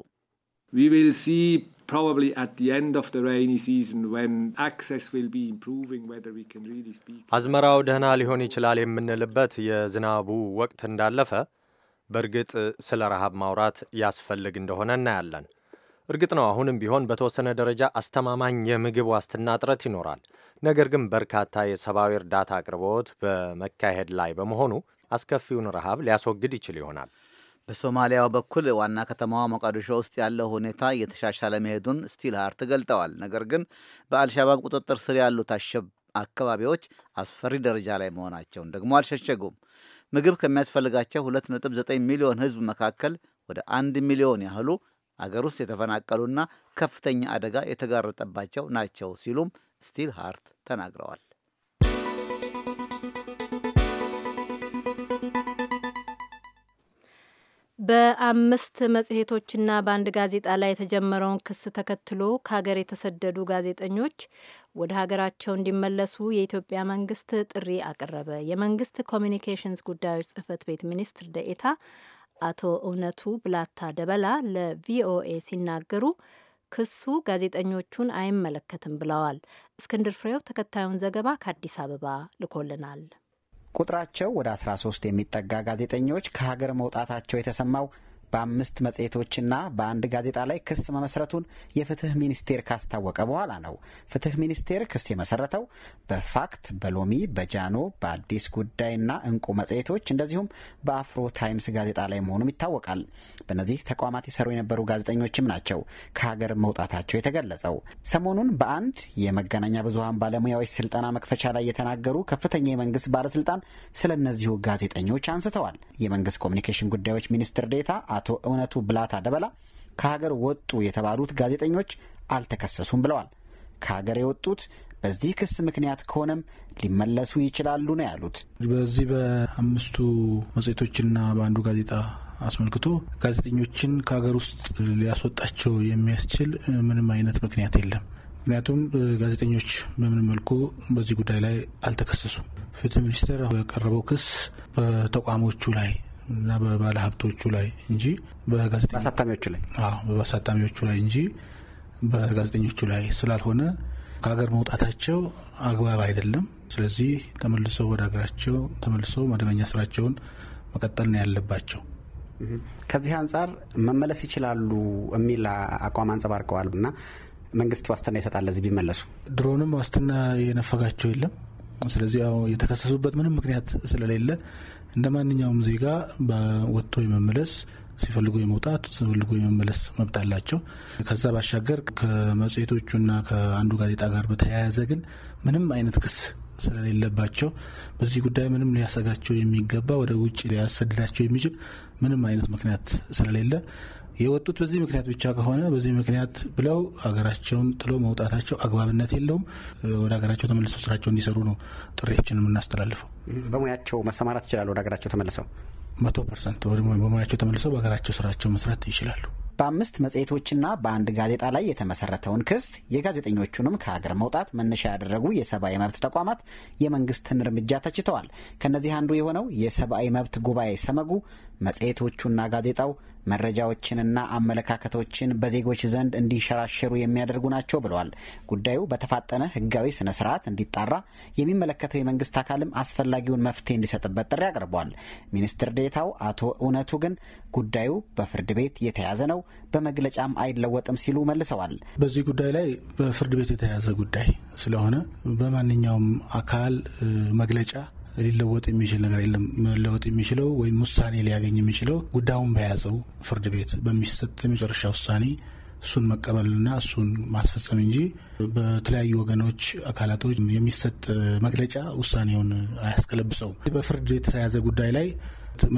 we will see probably at the end of the rainy season when access will be improving whether we can really speak. አዝመራው ደህና ሊሆን ይችላል የምንልበት የዝናቡ ወቅት እንዳለፈ በእርግጥ ስለ ረሃብ ማውራት ያስፈልግ እንደሆነ እናያለን። እርግጥ ነው አሁንም ቢሆን በተወሰነ ደረጃ አስተማማኝ የምግብ ዋስትና እጥረት ይኖራል። ነገር ግን በርካታ የሰብአዊ እርዳታ አቅርቦት በመካሄድ ላይ በመሆኑ አስከፊውን ረሃብ ሊያስወግድ ይችል ይሆናል። በሶማሊያው በኩል ዋና ከተማዋ ሞቃዲሾ ውስጥ ያለው ሁኔታ እየተሻሻለ መሄዱን ስቲል ሃርት ገልጠዋል። ነገር ግን በአልሻባብ ቁጥጥር ስር ያሉት አካባቢዎች አስፈሪ ደረጃ ላይ መሆናቸውን ደግሞ አልሸሸጉም። ምግብ ከሚያስፈልጋቸው 2.9 ሚሊዮን ህዝብ መካከል ወደ 1 ሚሊዮን ያህሉ አገር ውስጥ የተፈናቀሉና ከፍተኛ አደጋ የተጋረጠባቸው ናቸው ሲሉም ስቲል ሃርት ተናግረዋል። በአምስት መጽሔቶችና በአንድ ጋዜጣ ላይ የተጀመረውን ክስ ተከትሎ ከሀገር የተሰደዱ ጋዜጠኞች ወደ ሀገራቸው እንዲመለሱ የኢትዮጵያ መንግስት ጥሪ አቀረበ። የመንግስት ኮሚኒኬሽንስ ጉዳዮች ጽህፈት ቤት ሚኒስትር ደኤታ አቶ እውነቱ ብላታ ደበላ ለቪኦኤ ሲናገሩ ክሱ ጋዜጠኞቹን አይመለከትም ብለዋል። እስክንድር ፍሬው ተከታዩን ዘገባ ከአዲስ አበባ ልኮልናል። ቁጥራቸው ወደ 13 የሚጠጋ ጋዜጠኞች ከሀገር መውጣታቸው የተሰማው በአምስት መጽሔቶችና በአንድ ጋዜጣ ላይ ክስ መመስረቱን የፍትህ ሚኒስቴር ካስታወቀ በኋላ ነው። ፍትህ ሚኒስቴር ክስ የመሰረተው በፋክት፣ በሎሚ፣ በጃኖ፣ በአዲስ ጉዳይና እንቁ መጽሔቶች እንደዚሁም በአፍሮ ታይምስ ጋዜጣ ላይ መሆኑም ይታወቃል። በእነዚህ ተቋማት የሰሩ የነበሩ ጋዜጠኞችም ናቸው ከሀገር መውጣታቸው የተገለጸው። ሰሞኑን በአንድ የመገናኛ ብዙሀን ባለሙያዎች ስልጠና መክፈቻ ላይ የተናገሩ ከፍተኛ የመንግስት ባለስልጣን ስለ እነዚሁ ጋዜጠኞች አንስተዋል። የመንግስት ኮሚኒኬሽን ጉዳዮች ሚኒስትር ዴታ አቶ እውነቱ ብላታ ደበላ ከሀገር ወጡ የተባሉት ጋዜጠኞች አልተከሰሱም ብለዋል። ከሀገር የወጡት በዚህ ክስ ምክንያት ከሆነም ሊመለሱ ይችላሉ ነው ያሉት። በዚህ በአምስቱ መጽሔቶችና በአንዱ ጋዜጣ አስመልክቶ ጋዜጠኞችን ከሀገር ውስጥ ሊያስወጣቸው የሚያስችል ምንም አይነት ምክንያት የለም። ምክንያቱም ጋዜጠኞች በምንም መልኩ በዚህ ጉዳይ ላይ አልተከሰሱም። ፍትህ ሚኒስቴር ያቀረበው ክስ በተቋሞቹ ላይ እና በባለ ሀብቶቹ ላይ እንጂ በጋዜጠኞቹ ላይ በአሳታሚዎቹ ላይ እንጂ በጋዜጠኞቹ ላይ ስላልሆነ ከሀገር መውጣታቸው አግባብ አይደለም። ስለዚህ ተመልሰው ወደ ሀገራቸው ተመልሰው መደበኛ ስራቸውን መቀጠል ነው ያለባቸው። ከዚህ አንጻር መመለስ ይችላሉ የሚል አቋም አንጸባርቀዋል እና መንግስት ዋስትና ይሰጣል ለዚህ ቢመለሱ። ድሮንም ዋስትና የነፈጋቸው የለም ስለዚህ የተከሰሱበት ምንም ምክንያት ስለሌለ እንደ ማንኛውም ዜጋ ወጥቶ የመመለስ ሲፈልጉ የመውጣት ሲፈልጉ የመመለስ መብት አላቸው። ከዛ ባሻገር ከመጽሔቶቹና ከአንዱ ጋዜጣ ጋር በተያያዘ ግን ምንም አይነት ክስ ስለሌለባቸው በዚህ ጉዳይ ምንም ሊያሰጋቸው የሚገባ ወደ ውጭ ሊያሰድዳቸው የሚችል ምንም አይነት ምክንያት ስለሌለ የወጡት በዚህ ምክንያት ብቻ ከሆነ በዚህ ምክንያት ብለው ሀገራቸውን ጥሎ መውጣታቸው አግባብነት የለውም። ወደ ሀገራቸው ተመልሰው ስራቸው እንዲሰሩ ነው ጥሪያችን የምናስተላልፈው። በሙያቸው መሰማራት ይችላሉ። ወደ ሀገራቸው ተመልሰው መቶ ፐርሰንት በሙያቸው ተመልሰው በሀገራቸው ስራቸው መስራት ይችላሉ። በአምስት መጽሔቶችና በአንድ ጋዜጣ ላይ የተመሰረተውን ክስ የጋዜጠኞቹንም ከሀገር መውጣት መነሻ ያደረጉ የሰብአዊ መብት ተቋማት የመንግስትን እርምጃ ተችተዋል። ከእነዚህ አንዱ የሆነው የሰብአዊ መብት ጉባኤ ሰመጉ መጽሔቶቹና ጋዜጣው መረጃዎችንና አመለካከቶችን በዜጎች ዘንድ እንዲንሸራሸሩ የሚያደርጉ ናቸው ብለዋል። ጉዳዩ በተፋጠነ ህጋዊ ስነ ስርዓት እንዲጣራ የሚመለከተው የመንግስት አካልም አስፈላጊውን መፍትሄ እንዲሰጥበት ጥሪ አቅርበዋል። ሚኒስትር ዴታው አቶ እውነቱ ግን ጉዳዩ በፍርድ ቤት የተያዘ ነው፣ በመግለጫም አይለወጥም ሲሉ መልሰዋል። በዚህ ጉዳይ ላይ በፍርድ ቤት የተያዘ ጉዳይ ስለሆነ በማንኛውም አካል መግለጫ ሊለወጥ የሚችል ነገር የለም። መለወጥ የሚችለው ወይም ውሳኔ ሊያገኝ የሚችለው ጉዳዩን በያዘው ፍርድ ቤት በሚሰጥ የመጨረሻ ውሳኔ እሱን መቀበልና እሱን ማስፈጸም እንጂ በተለያዩ ወገኖች አካላቶች የሚሰጥ መግለጫ ውሳኔውን አያስቀለብሰው። በፍርድ የተያዘ ጉዳይ ላይ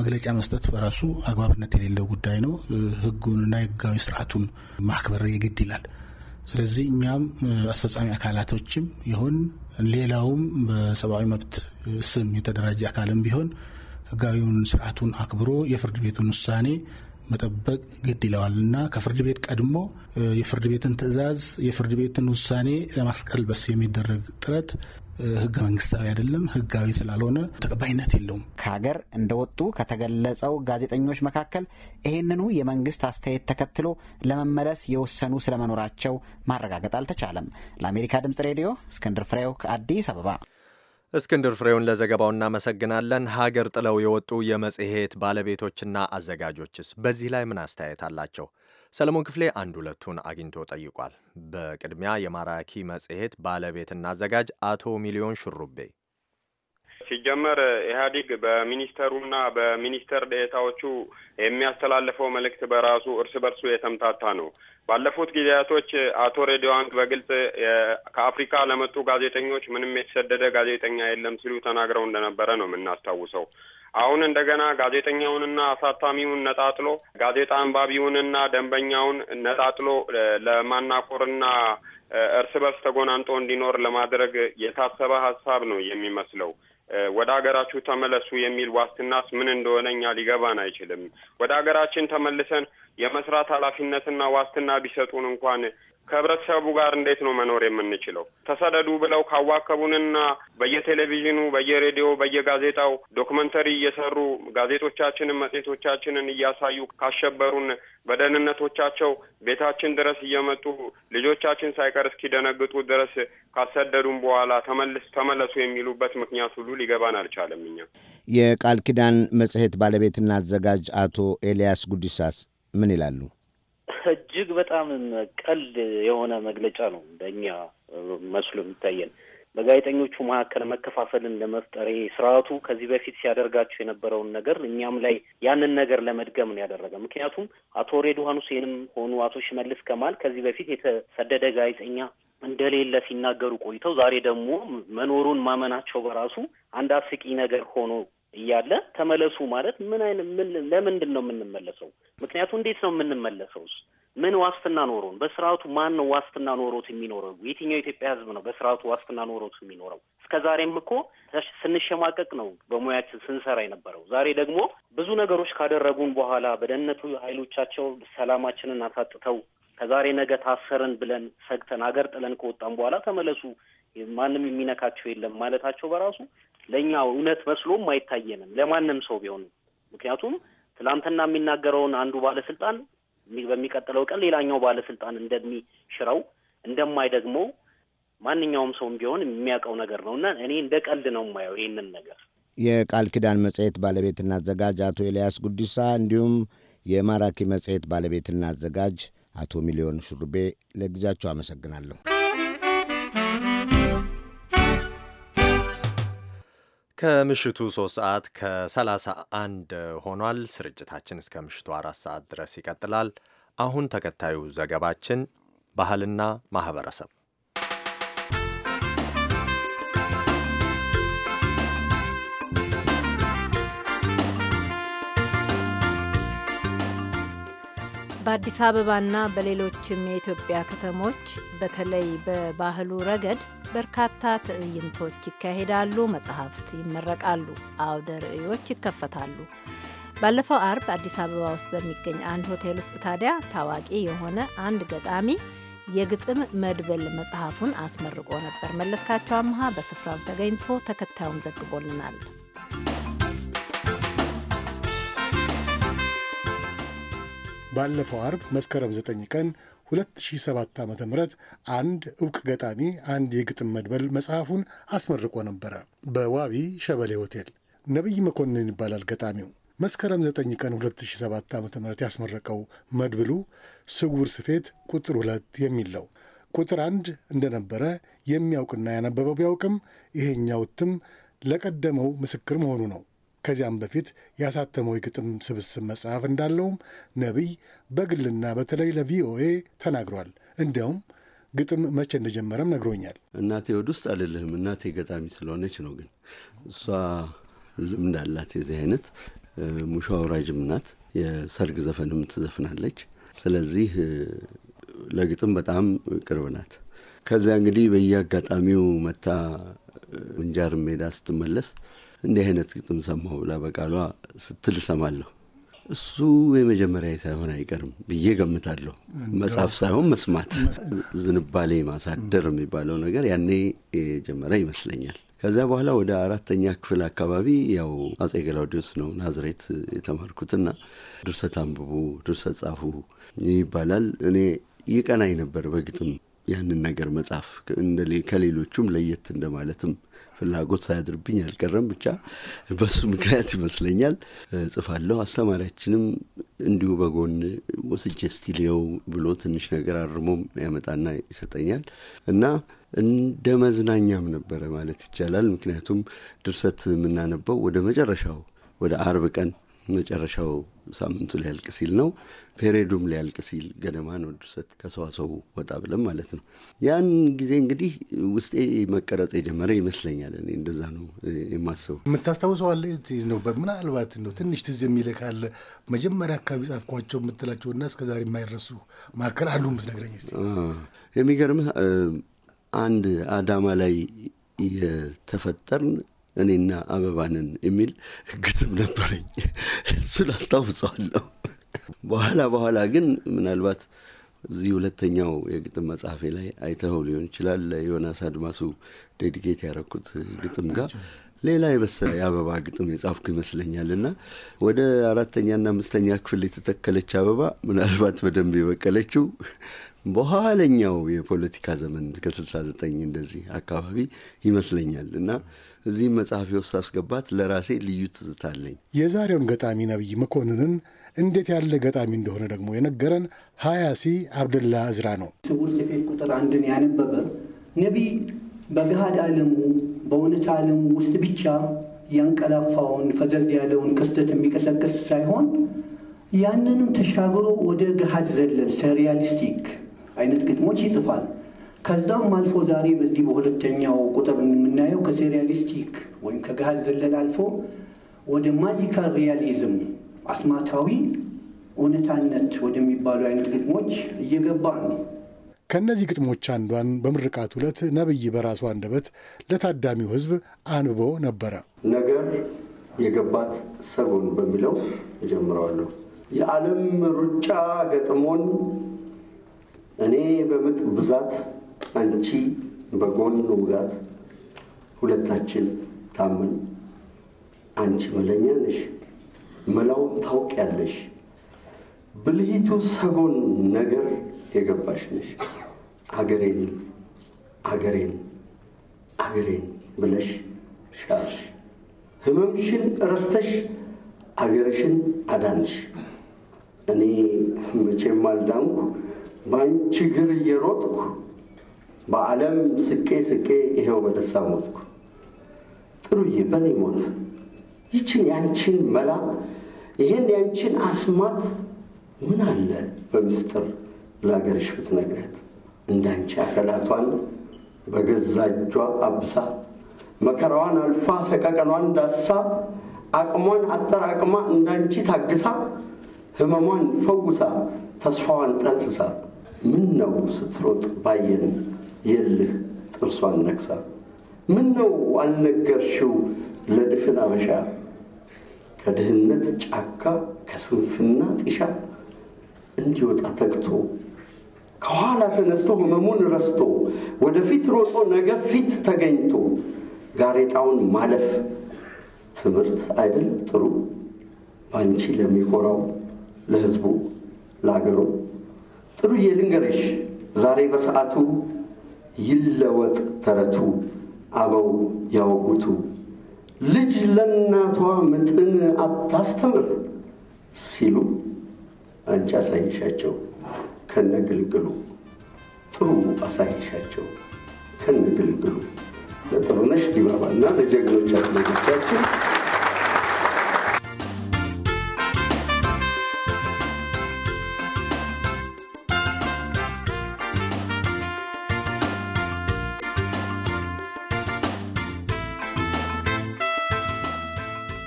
መግለጫ መስጠት በራሱ አግባብነት የሌለው ጉዳይ ነው። ሕጉንና የሕጋዊ ስርዓቱን ማክበር የግድ ይላል። ስለዚህ እኛም አስፈጻሚ አካላቶችም ይሁን ሌላውም በሰብአዊ መብት ስም የተደራጀ አካልም ቢሆን ህጋዊውን ስርዓቱን አክብሮ የፍርድ ቤቱን ውሳኔ መጠበቅ ግድ ይለዋል እና ከፍርድ ቤት ቀድሞ የፍርድ ቤትን ትዕዛዝ፣ የፍርድ ቤትን ውሳኔ ለማስቀልበስ የሚደረግ ጥረት ህገ መንግስታዊ አይደለም፣ ህጋዊ ስላልሆነ ተቀባይነት የለውም። ከሀገር እንደወጡ ከተገለጸው ጋዜጠኞች መካከል ይህንኑ የመንግስት አስተያየት ተከትሎ ለመመለስ የወሰኑ ስለመኖራቸው ማረጋገጥ አልተቻለም። ለአሜሪካ ድምጽ ሬዲዮ እስክንድር ፍሬው ከአዲስ አበባ። እስክንድር ፍሬውን ለዘገባው እናመሰግናለን። ሀገር ጥለው የወጡ የመጽሔት ባለቤቶችና አዘጋጆችስ በዚህ ላይ ምን አስተያየት አላቸው? ሰለሞን ክፍሌ አንድ ሁለቱን አግኝቶ ጠይቋል። በቅድሚያ የማራኪ መጽሔት ባለቤትና አዘጋጅ አቶ ሚሊዮን ሹሩቤ ሲጀመር ኢህአዲግ በሚኒስተሩና በሚኒስተር ዴኤታዎቹ የሚያስተላልፈው መልእክት በራሱ እርስ በርሱ የተምታታ ነው። ባለፉት ጊዜያቶች አቶ ሬዲዋንግ በግልጽ ከአፍሪካ ለመጡ ጋዜጠኞች ምንም የተሰደደ ጋዜጠኛ የለም ሲሉ ተናግረው እንደነበረ ነው የምናስታውሰው። አሁን እንደገና ጋዜጠኛውንና አሳታሚውን ነጣጥሎ ጋዜጣ አንባቢውንና ደንበኛውን ነጣጥሎ ለማናቆርና እርስ በርስ ተጎናንጦ እንዲኖር ለማድረግ የታሰበ ሀሳብ ነው የሚመስለው። ወደ ሀገራችሁ ተመለሱ የሚል ዋስትናስ ምን እንደሆነ እኛ ሊገባን አይችልም። ወደ ሀገራችን ተመልሰን የመስራት ኃላፊነትና ዋስትና ቢሰጡን እንኳን ከህብረተሰቡ ጋር እንዴት ነው መኖር የምንችለው? ተሰደዱ ብለው ካዋከቡንና በየቴሌቪዥኑ፣ በየሬዲዮ፣ በየጋዜጣው ዶክመንተሪ እየሰሩ ጋዜጦቻችንን፣ መጽሔቶቻችንን እያሳዩ ካሸበሩን፣ በደህንነቶቻቸው ቤታችን ድረስ እየመጡ ልጆቻችን ሳይቀር እስኪደነግጡ ድረስ ካሰደዱን በኋላ ተመልስ ተመለሱ የሚሉበት ምክንያት ሁሉ ሊገባን አልቻለም። እኛ የቃል ኪዳን መጽሔት ባለቤትና አዘጋጅ አቶ ኤልያስ ጉዲሳስ ምን ይላሉ? እጅግ በጣም ቀልድ የሆነ መግለጫ ነው እንደኛ መስሎ የሚታየን። በጋዜጠኞቹ መካከል መከፋፈልን ለመፍጠር ይሄ ስርዓቱ ከዚህ በፊት ሲያደርጋቸው የነበረውን ነገር እኛም ላይ ያንን ነገር ለመድገም ነው ያደረገ። ምክንያቱም አቶ ሬድዋን ሁሴንም ሆኑ አቶ ሽመልስ ከማል ከዚህ በፊት የተሰደደ ጋዜጠኛ እንደሌለ ሲናገሩ ቆይተው ዛሬ ደግሞ መኖሩን ማመናቸው በራሱ አንድ አስቂ ነገር ሆኖ እያለ ተመለሱ ማለት ምን አይነት ምን ለምንድን ነው የምንመለሰው? ምክንያቱ እንዴት ነው የምንመለሰው? ምን ዋስትና ኖሮን? በስርዓቱ ማን ነው ዋስትና ኖሮት የሚኖረው? የትኛው ኢትዮጵያ ሕዝብ ነው በስርዓቱ ዋስትና ኖሮት የሚኖረው? እስከ ዛሬም እኮ ስንሸማቀቅ ነው በሙያችን ስንሰራ የነበረው። ዛሬ ደግሞ ብዙ ነገሮች ካደረጉን በኋላ በደህንነቱ ኃይሎቻቸው ሰላማችንን አሳጥተው ከዛሬ ነገ ታሰርን ብለን ሰግተን አገር ጥለን ከወጣን በኋላ ተመለሱ ማንም የሚነካቸው የለም ማለታቸው በራሱ ለእኛ እውነት መስሎም አይታየንም ለማንም ሰው ቢሆንም። ምክንያቱም ትላንትና የሚናገረውን አንዱ ባለስልጣን በሚቀጥለው ቀን ሌላኛው ባለስልጣን እንደሚሽረው እንደማይደግመው ማንኛውም ሰውም ቢሆን የሚያውቀው ነገር ነው እና እኔ እንደ ቀልድ ነው የማየው ይህንን ነገር። የቃል ኪዳን መጽሔት ባለቤትና አዘጋጅ አቶ ኤልያስ ጉዲሳ እንዲሁም የማራኪ መጽሔት ባለቤትና አዘጋጅ አቶ ሚሊዮን ሹሩቤ ለጊዜያቸው አመሰግናለሁ። ከምሽቱ 3 ሰዓት ከ31 ሆኗል። ስርጭታችን እስከ ምሽቱ አራት ሰዓት ድረስ ይቀጥላል። አሁን ተከታዩ ዘገባችን ባህልና ማህበረሰብ በአዲስ አበባና በሌሎችም የኢትዮጵያ ከተሞች በተለይ በባህሉ ረገድ በርካታ ትዕይንቶች ይካሄዳሉ፣ መጽሐፍት ይመረቃሉ፣ አውደ ርዕዮች ይከፈታሉ። ባለፈው አርብ አዲስ አበባ ውስጥ በሚገኝ አንድ ሆቴል ውስጥ ታዲያ ታዋቂ የሆነ አንድ ገጣሚ የግጥም መድበል መጽሐፉን አስመርቆ ነበር። መለስካቸው አምሃ በስፍራው ተገኝቶ ተከታዩን ዘግቦልናል። ባለፈው አርብ መስከረም 9 ቀን 2007 ዓ ም አንድ እውቅ ገጣሚ አንድ የግጥም መድበል መጽሐፉን አስመርቆ ነበረ በዋቢ ሸበሌ ሆቴል። ነቢይ መኮንን ይባላል ገጣሚው። መስከረም 9 ቀን 2007 ዓ ም ያስመረቀው መድብሉ ስውር ስፌት ቁጥር ሁለት የሚለው ቁጥር አንድ እንደነበረ የሚያውቅና ያነበበው ቢያውቅም ይሄኛው እትም ለቀደመው ምስክር መሆኑ ነው። ከዚያም በፊት ያሳተመው የግጥም ስብስብ መጽሐፍ እንዳለውም ነቢይ በግልና በተለይ ለቪኦኤ ተናግሯል። እንዲያውም ግጥም መቼ እንደጀመረም ነግሮኛል። እናቴ ወደ ውስጥ አልልህም። እናቴ ገጣሚ ስለሆነች ነው። ግን እሷ ልምድ አላት የዚህ አይነት ሙሾ አውራጅም ናት። የሰርግ ዘፈንም ትዘፍናለች። ስለዚህ ለግጥም በጣም ቅርብ ናት። ከዚያ እንግዲህ በየአጋጣሚው መታ ምንጃር ሜዳ ስትመለስ እንዲህ አይነት ግጥም ሰማሁ ብላ በቃሏ ስትል እሰማለሁ። እሱ የመጀመሪያ ሳይሆን አይቀርም ብዬ ገምታለሁ። መጽሐፍ ሳይሆን መስማት፣ ዝንባሌ ማሳደር የሚባለው ነገር ያኔ የጀመረ ይመስለኛል። ከዚያ በኋላ ወደ አራተኛ ክፍል አካባቢ ያው አጼ ገላውዲዮስ ነው ናዝሬት የተማርኩትና ድርሰት አንብቡ፣ ድርሰት ጻፉ ይባላል። እኔ ይቀናኝ ነበር በግጥም ያንን ነገር መጽሐፍ ከሌሎቹም ለየት እንደማለትም ፍላጎት ሳያድርብኝ አልቀረም። ብቻ በሱ ምክንያት ይመስለኛል ጽፋለሁ። አስተማሪያችንም እንዲሁ በጎን ወስጄ እስቲ ብሎ ትንሽ ነገር አርሞም ያመጣና ይሰጠኛል እና እንደ መዝናኛም ነበረ ማለት ይቻላል። ምክንያቱም ድርሰት የምናነበው ወደ መጨረሻው ወደ አርብ ቀን መጨረሻው ሳምንቱ ሊያልቅ ሲል ነው። ፔሬዱም ሊያልቅ ሲል ገደማ ነው ድርሰት ከሰዋሰው ወጣ ብለን ማለት ነው። ያን ጊዜ እንግዲህ ውስጤ መቀረጽ የጀመረ ይመስለኛል። እኔ እንደዛ ነው የማስበው። የምታስታውሰዋለ ነው ምናልባት ነው ትንሽ ትዝ የሚል ካለ መጀመሪያ አካባቢ ጻፍኳቸው የምትላቸው እና እስከዛሬ የማይረሱ መካከል አንዱ የምትነግረኝ ስ የሚገርምህ አንድ አዳማ ላይ የተፈጠርን እኔና አበባንን የሚል ግጥም ነበረኝ። እሱን አስታውሰዋለሁ። በኋላ በኋላ ግን ምናልባት እዚህ ሁለተኛው የግጥም መጽሐፌ ላይ አይተኸው ሊሆን ይችላል ለዮናስ አድማሱ ዴዲኬት ያረኩት ግጥም ጋር ሌላ የመሰለ የአበባ ግጥም የጻፍኩ ይመስለኛል እና ወደ አራተኛና አምስተኛ ክፍል የተተከለች አበባ ምናልባት በደንብ የበቀለችው በኋለኛው የፖለቲካ ዘመን ከ69 እንደዚህ አካባቢ ይመስለኛል እና እዚህም መጽሐፊ ውስጥ አስገባት ለራሴ ልዩ ትዝታለኝ የዛሬውን ገጣሚ ነቢይ መኮንንን እንዴት ያለ ገጣሚ እንደሆነ ደግሞ የነገረን ሀያሲ አብደላ እዝራ ነው። ስውር ስፌት ቁጥር አንድን ያነበበ ነቢይ በገሃድ ዓለሙ በእውነት ዓለሙ ውስጥ ብቻ ያንቀላፋውን ፈዘዝ ያለውን ክስተት የሚቀሰቅስ ሳይሆን ያንንም ተሻግሮ ወደ ገሃድ ዘለል ሰሪያሊስቲክ አይነት ግጥሞች ይጽፋል። ከዛም አልፎ ዛሬ በዚህ በሁለተኛው ቁጥር የምናየው ከሴሪያሊስቲክ ወይም ከገሃድ ዘለል አልፎ ወደ ማጂካል ሪያሊዝም አስማታዊ እውነታነት ወደሚባሉ አይነት ግጥሞች እየገባ ነው። ከእነዚህ ግጥሞች አንዷን በምርቃት ዕለት ነብይ በራሱ አንደበት ለታዳሚው ሕዝብ አንብቦ ነበረ። ነገር የገባት ሰጎን በሚለው እጀምረዋለሁ። የዓለም ሩጫ ገጥሞን እኔ በምጥ ብዛት አንቺ በጎን ውጋት ሁለታችን ታመን አንቺ መለኛ ነሽ መላውን ታውቂያለሽ፣ ብልሂቱ ሰጎን ነገር የገባሽ ነሽ። አገሬን አገሬን አገሬን ብለሽ ሻርሽ፣ ህመምሽን ረስተሽ አገርሽን አዳንሽ። እኔ መቼም አልዳንኩ በአንቺ እግር እየሮጥኩ በዓለም ስቄ ስቄ ይኸው በደስታ ሞትኩ ጥሩዬ በኔ ሞት ይችን ያንቺን መላ ይህን ያንቺን አስማት ምን አለ በምስጢር ለሀገርሽ ብትነግሪያት እንዳንቺ አካላቷን በገዛ እጇ አብሳ መከራዋን አልፋ ሰቀቀኗን ዳሳ አቅሟን አጠራቅማ እንዳንቺ ታግሳ ህመሟን ፈውሳ ተስፋዋን ጠንስሳ ምን ነው ስትሮጥ ባየን የልህ ጥርሷን ነክሳ ምን ነው አልነገርሽው ለድፍን አበሻ ከድህነት ጫካ ከስንፍና ጢሻ እንዲወጣ ተግቶ ከኋላ ተነስቶ ህመሙን ረስቶ ወደፊት ሮጦ ነገ ፊት ተገኝቶ ጋሬጣውን ማለፍ ትምህርት አይደል ጥሩ ባንቺ ለሚኮራው ለህዝቡ ለአገሩ ጥሩ ልንገርሽ ዛሬ በሰዓቱ ይለወጥ ተረቱ አበው ያወጉቱ ልጅ ለእናቷ ምጥን አታስተምር ሲሉ አንቺ አሳይሻቸው ከነግልግሉ ጥሩ አሳይሻቸው ከነግልግሉ ለጥሩነሽ ዲባባና ለጀግኖች አትሌቶቻችን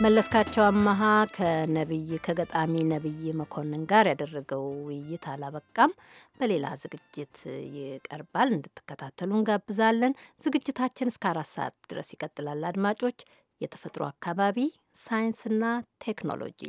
መለስካቸው አመሃ ከነብይ ከገጣሚ ነብይ መኮንን ጋር ያደረገው ውይይት አላበቃም። በሌላ ዝግጅት ይቀርባል። እንድትከታተሉ እንጋብዛለን። ዝግጅታችን እስከ አራት ሰዓት ድረስ ይቀጥላል። አድማጮች፣ የተፈጥሮ አካባቢ፣ ሳይንስና ቴክኖሎጂ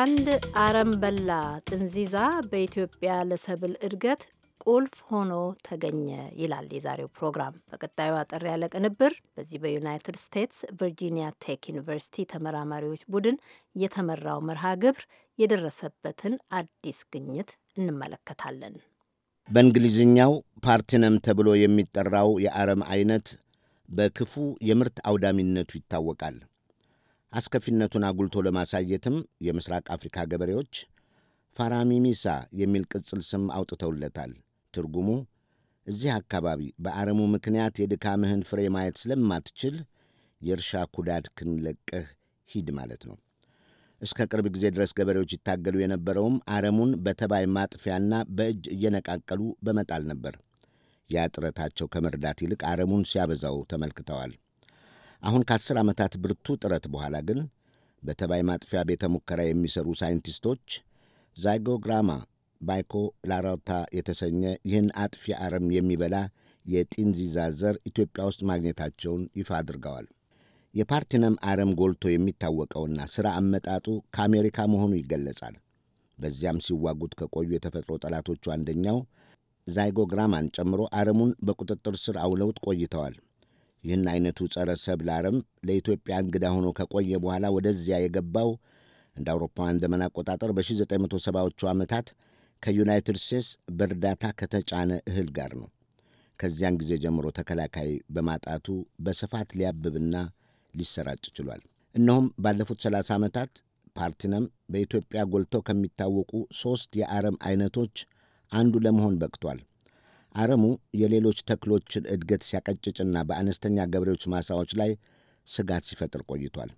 አንድ አረምበላ ጥንዚዛ በኢትዮጵያ ለሰብል እድገት ቁልፍ ሆኖ ተገኘ ይላል የዛሬው ፕሮግራም። በቀጣዩ አጠር ያለ ቅንብር በዚህ በዩናይትድ ስቴትስ ቨርጂኒያ ቴክ ዩኒቨርሲቲ ተመራማሪዎች ቡድን የተመራው መርሃ ግብር የደረሰበትን አዲስ ግኝት እንመለከታለን። በእንግሊዝኛው ፓርቲነም ተብሎ የሚጠራው የአረም አይነት በክፉ የምርት አውዳሚነቱ ይታወቃል። አስከፊነቱን አጉልቶ ለማሳየትም የምስራቅ አፍሪካ ገበሬዎች ፋራሚሚሳ የሚል ቅጽል ስም አውጥተውለታል። ትርጉሙ እዚህ አካባቢ በአረሙ ምክንያት የድካምህን ፍሬ ማየት ስለማትችል የእርሻ ኩዳድክን ለቀህ ሂድ ማለት ነው። እስከ ቅርብ ጊዜ ድረስ ገበሬዎች ይታገሉ የነበረውም አረሙን በተባይ ማጥፊያና በእጅ እየነቃቀሉ በመጣል ነበር። ያ ጥረታቸው ከመርዳት ይልቅ አረሙን ሲያበዛው ተመልክተዋል። አሁን ከአስር ዓመታት ብርቱ ጥረት በኋላ ግን በተባይ ማጥፊያ ቤተ ሙከራ የሚሰሩ ሳይንቲስቶች ዛይጎግራማ ባይኮ ላራታ የተሰኘ ይህን አጥፊ አረም የሚበላ የጢንዚዛ ዘር ኢትዮጵያ ውስጥ ማግኘታቸውን ይፋ አድርገዋል። የፓርቲነም አረም ጎልቶ የሚታወቀውና ሥራ አመጣጡ ከአሜሪካ መሆኑ ይገለጻል። በዚያም ሲዋጉት ከቆዩ የተፈጥሮ ጠላቶቹ አንደኛው ዛይጎግራማን ጨምሮ አረሙን በቁጥጥር ስር አውለውት ቆይተዋል። ይህን አይነቱ ጸረ ሰብል አረም ለኢትዮጵያ እንግዳ ሆኖ ከቆየ በኋላ ወደዚያ የገባው እንደ አውሮፓውያን ዘመን አቆጣጠር በ1970ዎቹ ዓመታት ከዩናይትድ ስቴትስ በእርዳታ ከተጫነ እህል ጋር ነው። ከዚያን ጊዜ ጀምሮ ተከላካይ በማጣቱ በስፋት ሊያብብና ሊሰራጭ ችሏል። እነሆም ባለፉት 30 ዓመታት ፓርቲነም በኢትዮጵያ ጎልተው ከሚታወቁ ሦስት የአረም አይነቶች አንዱ ለመሆን በቅቷል። አረሙ የሌሎች ተክሎችን እድገት ሲያቀጭጭና በአነስተኛ ገበሬዎች ማሳዎች ላይ ስጋት ሲፈጥር ቆይቷል።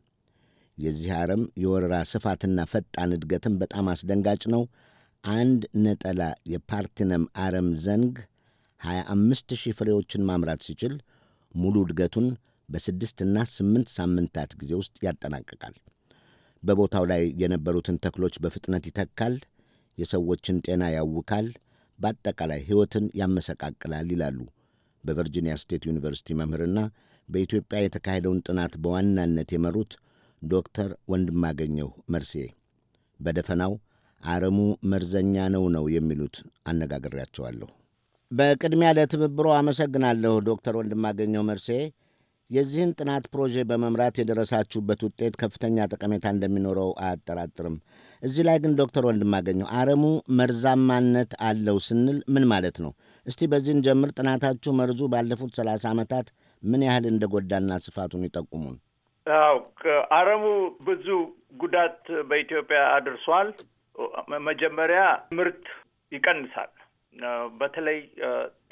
የዚህ አረም የወረራ ስፋትና ፈጣን እድገትም በጣም አስደንጋጭ ነው። አንድ ነጠላ የፓርቲነም አረም ዘንግ 25 ሺህ ፍሬዎችን ማምራት ሲችል ሙሉ እድገቱን በስድስትና ስምንት ሳምንታት ጊዜ ውስጥ ያጠናቅቃል። በቦታው ላይ የነበሩትን ተክሎች በፍጥነት ይተካል። የሰዎችን ጤና ያውካል። በአጠቃላይ ሕይወትን ያመሰቃቅላል ይላሉ በቨርጂኒያ ስቴት ዩኒቨርሲቲ መምህርና በኢትዮጵያ የተካሄደውን ጥናት በዋናነት የመሩት ዶክተር ወንድማገኘሁ መርሴ። በደፈናው አረሙ መርዘኛ ነው ነው የሚሉት አነጋግሬያቸዋለሁ። በቅድሚያ ለትብብሮ አመሰግናለሁ ዶክተር ወንድማገኘሁ መርሴ። የዚህን ጥናት ፕሮጀ በመምራት የደረሳችሁበት ውጤት ከፍተኛ ጠቀሜታ እንደሚኖረው አያጠራጥርም። እዚህ ላይ ግን ዶክተር ወንድማገኘው አረሙ መርዛማነት አለው ስንል ምን ማለት ነው? እስቲ በዚህን ጀምር። ጥናታችሁ መርዙ ባለፉት ሰላሳ ዓመታት ምን ያህል እንደጎዳና ስፋቱን ይጠቁሙን። አው አረሙ ብዙ ጉዳት በኢትዮጵያ አድርሷል። መጀመሪያ ምርት ይቀንሳል። በተለይ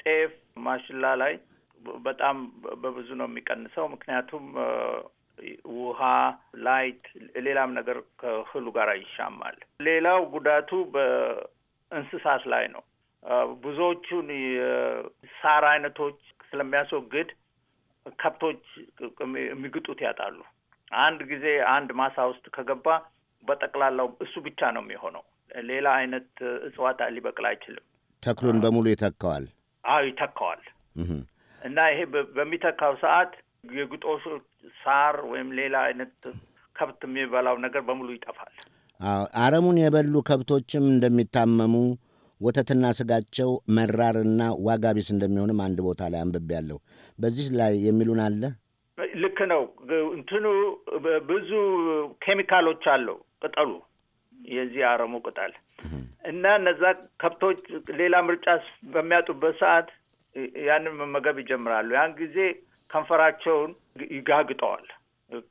ጤፍ፣ ማሽላ ላይ በጣም በብዙ ነው የሚቀንሰው። ምክንያቱም ውሃ፣ ላይት፣ ሌላም ነገር ከእህሉ ጋር ይሻማል። ሌላው ጉዳቱ በእንስሳት ላይ ነው። ብዙዎቹን የሳር አይነቶች ስለሚያስወግድ ከብቶች የሚግጡት ያጣሉ። አንድ ጊዜ አንድ ማሳ ውስጥ ከገባ በጠቅላላው እሱ ብቻ ነው የሚሆነው። ሌላ አይነት እጽዋት ሊበቅል አይችልም። ተክሉን በሙሉ ይተካዋል። አዎ ይተካዋል። እና ይሄ በሚተካው ሰዓት የግጦሽ ሳር ወይም ሌላ አይነት ከብት የሚበላው ነገር በሙሉ ይጠፋል። አረሙን የበሉ ከብቶችም እንደሚታመሙ ወተትና ስጋቸው መራርና ዋጋ ቢስ እንደሚሆንም አንድ ቦታ ላይ አንብቤያለሁ። በዚህ ላይ የሚሉን አለ። ልክ ነው። እንትኑ ብዙ ኬሚካሎች አለው ቅጠሉ፣ የዚህ አረሙ ቅጠል እና እነዛ ከብቶች ሌላ ምርጫ በሚያጡበት ሰዓት ያንን መመገብ ይጀምራሉ። ያን ጊዜ ከንፈራቸውን ይጋግጠዋል፣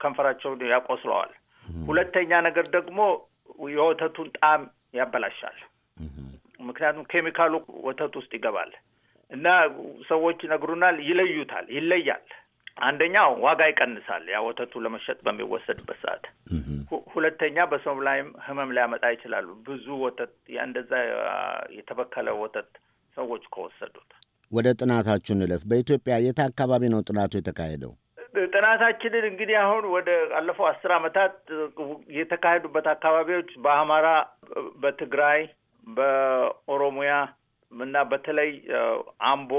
ከንፈራቸውን ያቆስለዋል። ሁለተኛ ነገር ደግሞ የወተቱን ጣዕም ያበላሻል። ምክንያቱም ኬሚካሉ ወተት ውስጥ ይገባል እና ሰዎች ይነግሩናል፣ ይለዩታል፣ ይለያል። አንደኛው ዋጋ ይቀንሳል፣ ያ ወተቱ ለመሸጥ በሚወሰድበት ሰዓት። ሁለተኛ በሰው ላይም ህመም ሊያመጣ ይችላሉ። ብዙ ወተት እንደዛ የተበከለ ወተት ሰዎች ከወሰዱት ወደ ጥናታችሁ እንለፍ። በኢትዮጵያ የት አካባቢ ነው ጥናቱ የተካሄደው? ጥናታችንን እንግዲህ አሁን ወደ አለፈው አስር ዓመታት የተካሄዱበት አካባቢዎች በአማራ፣ በትግራይ፣ በኦሮሚያ እና በተለይ አምቦ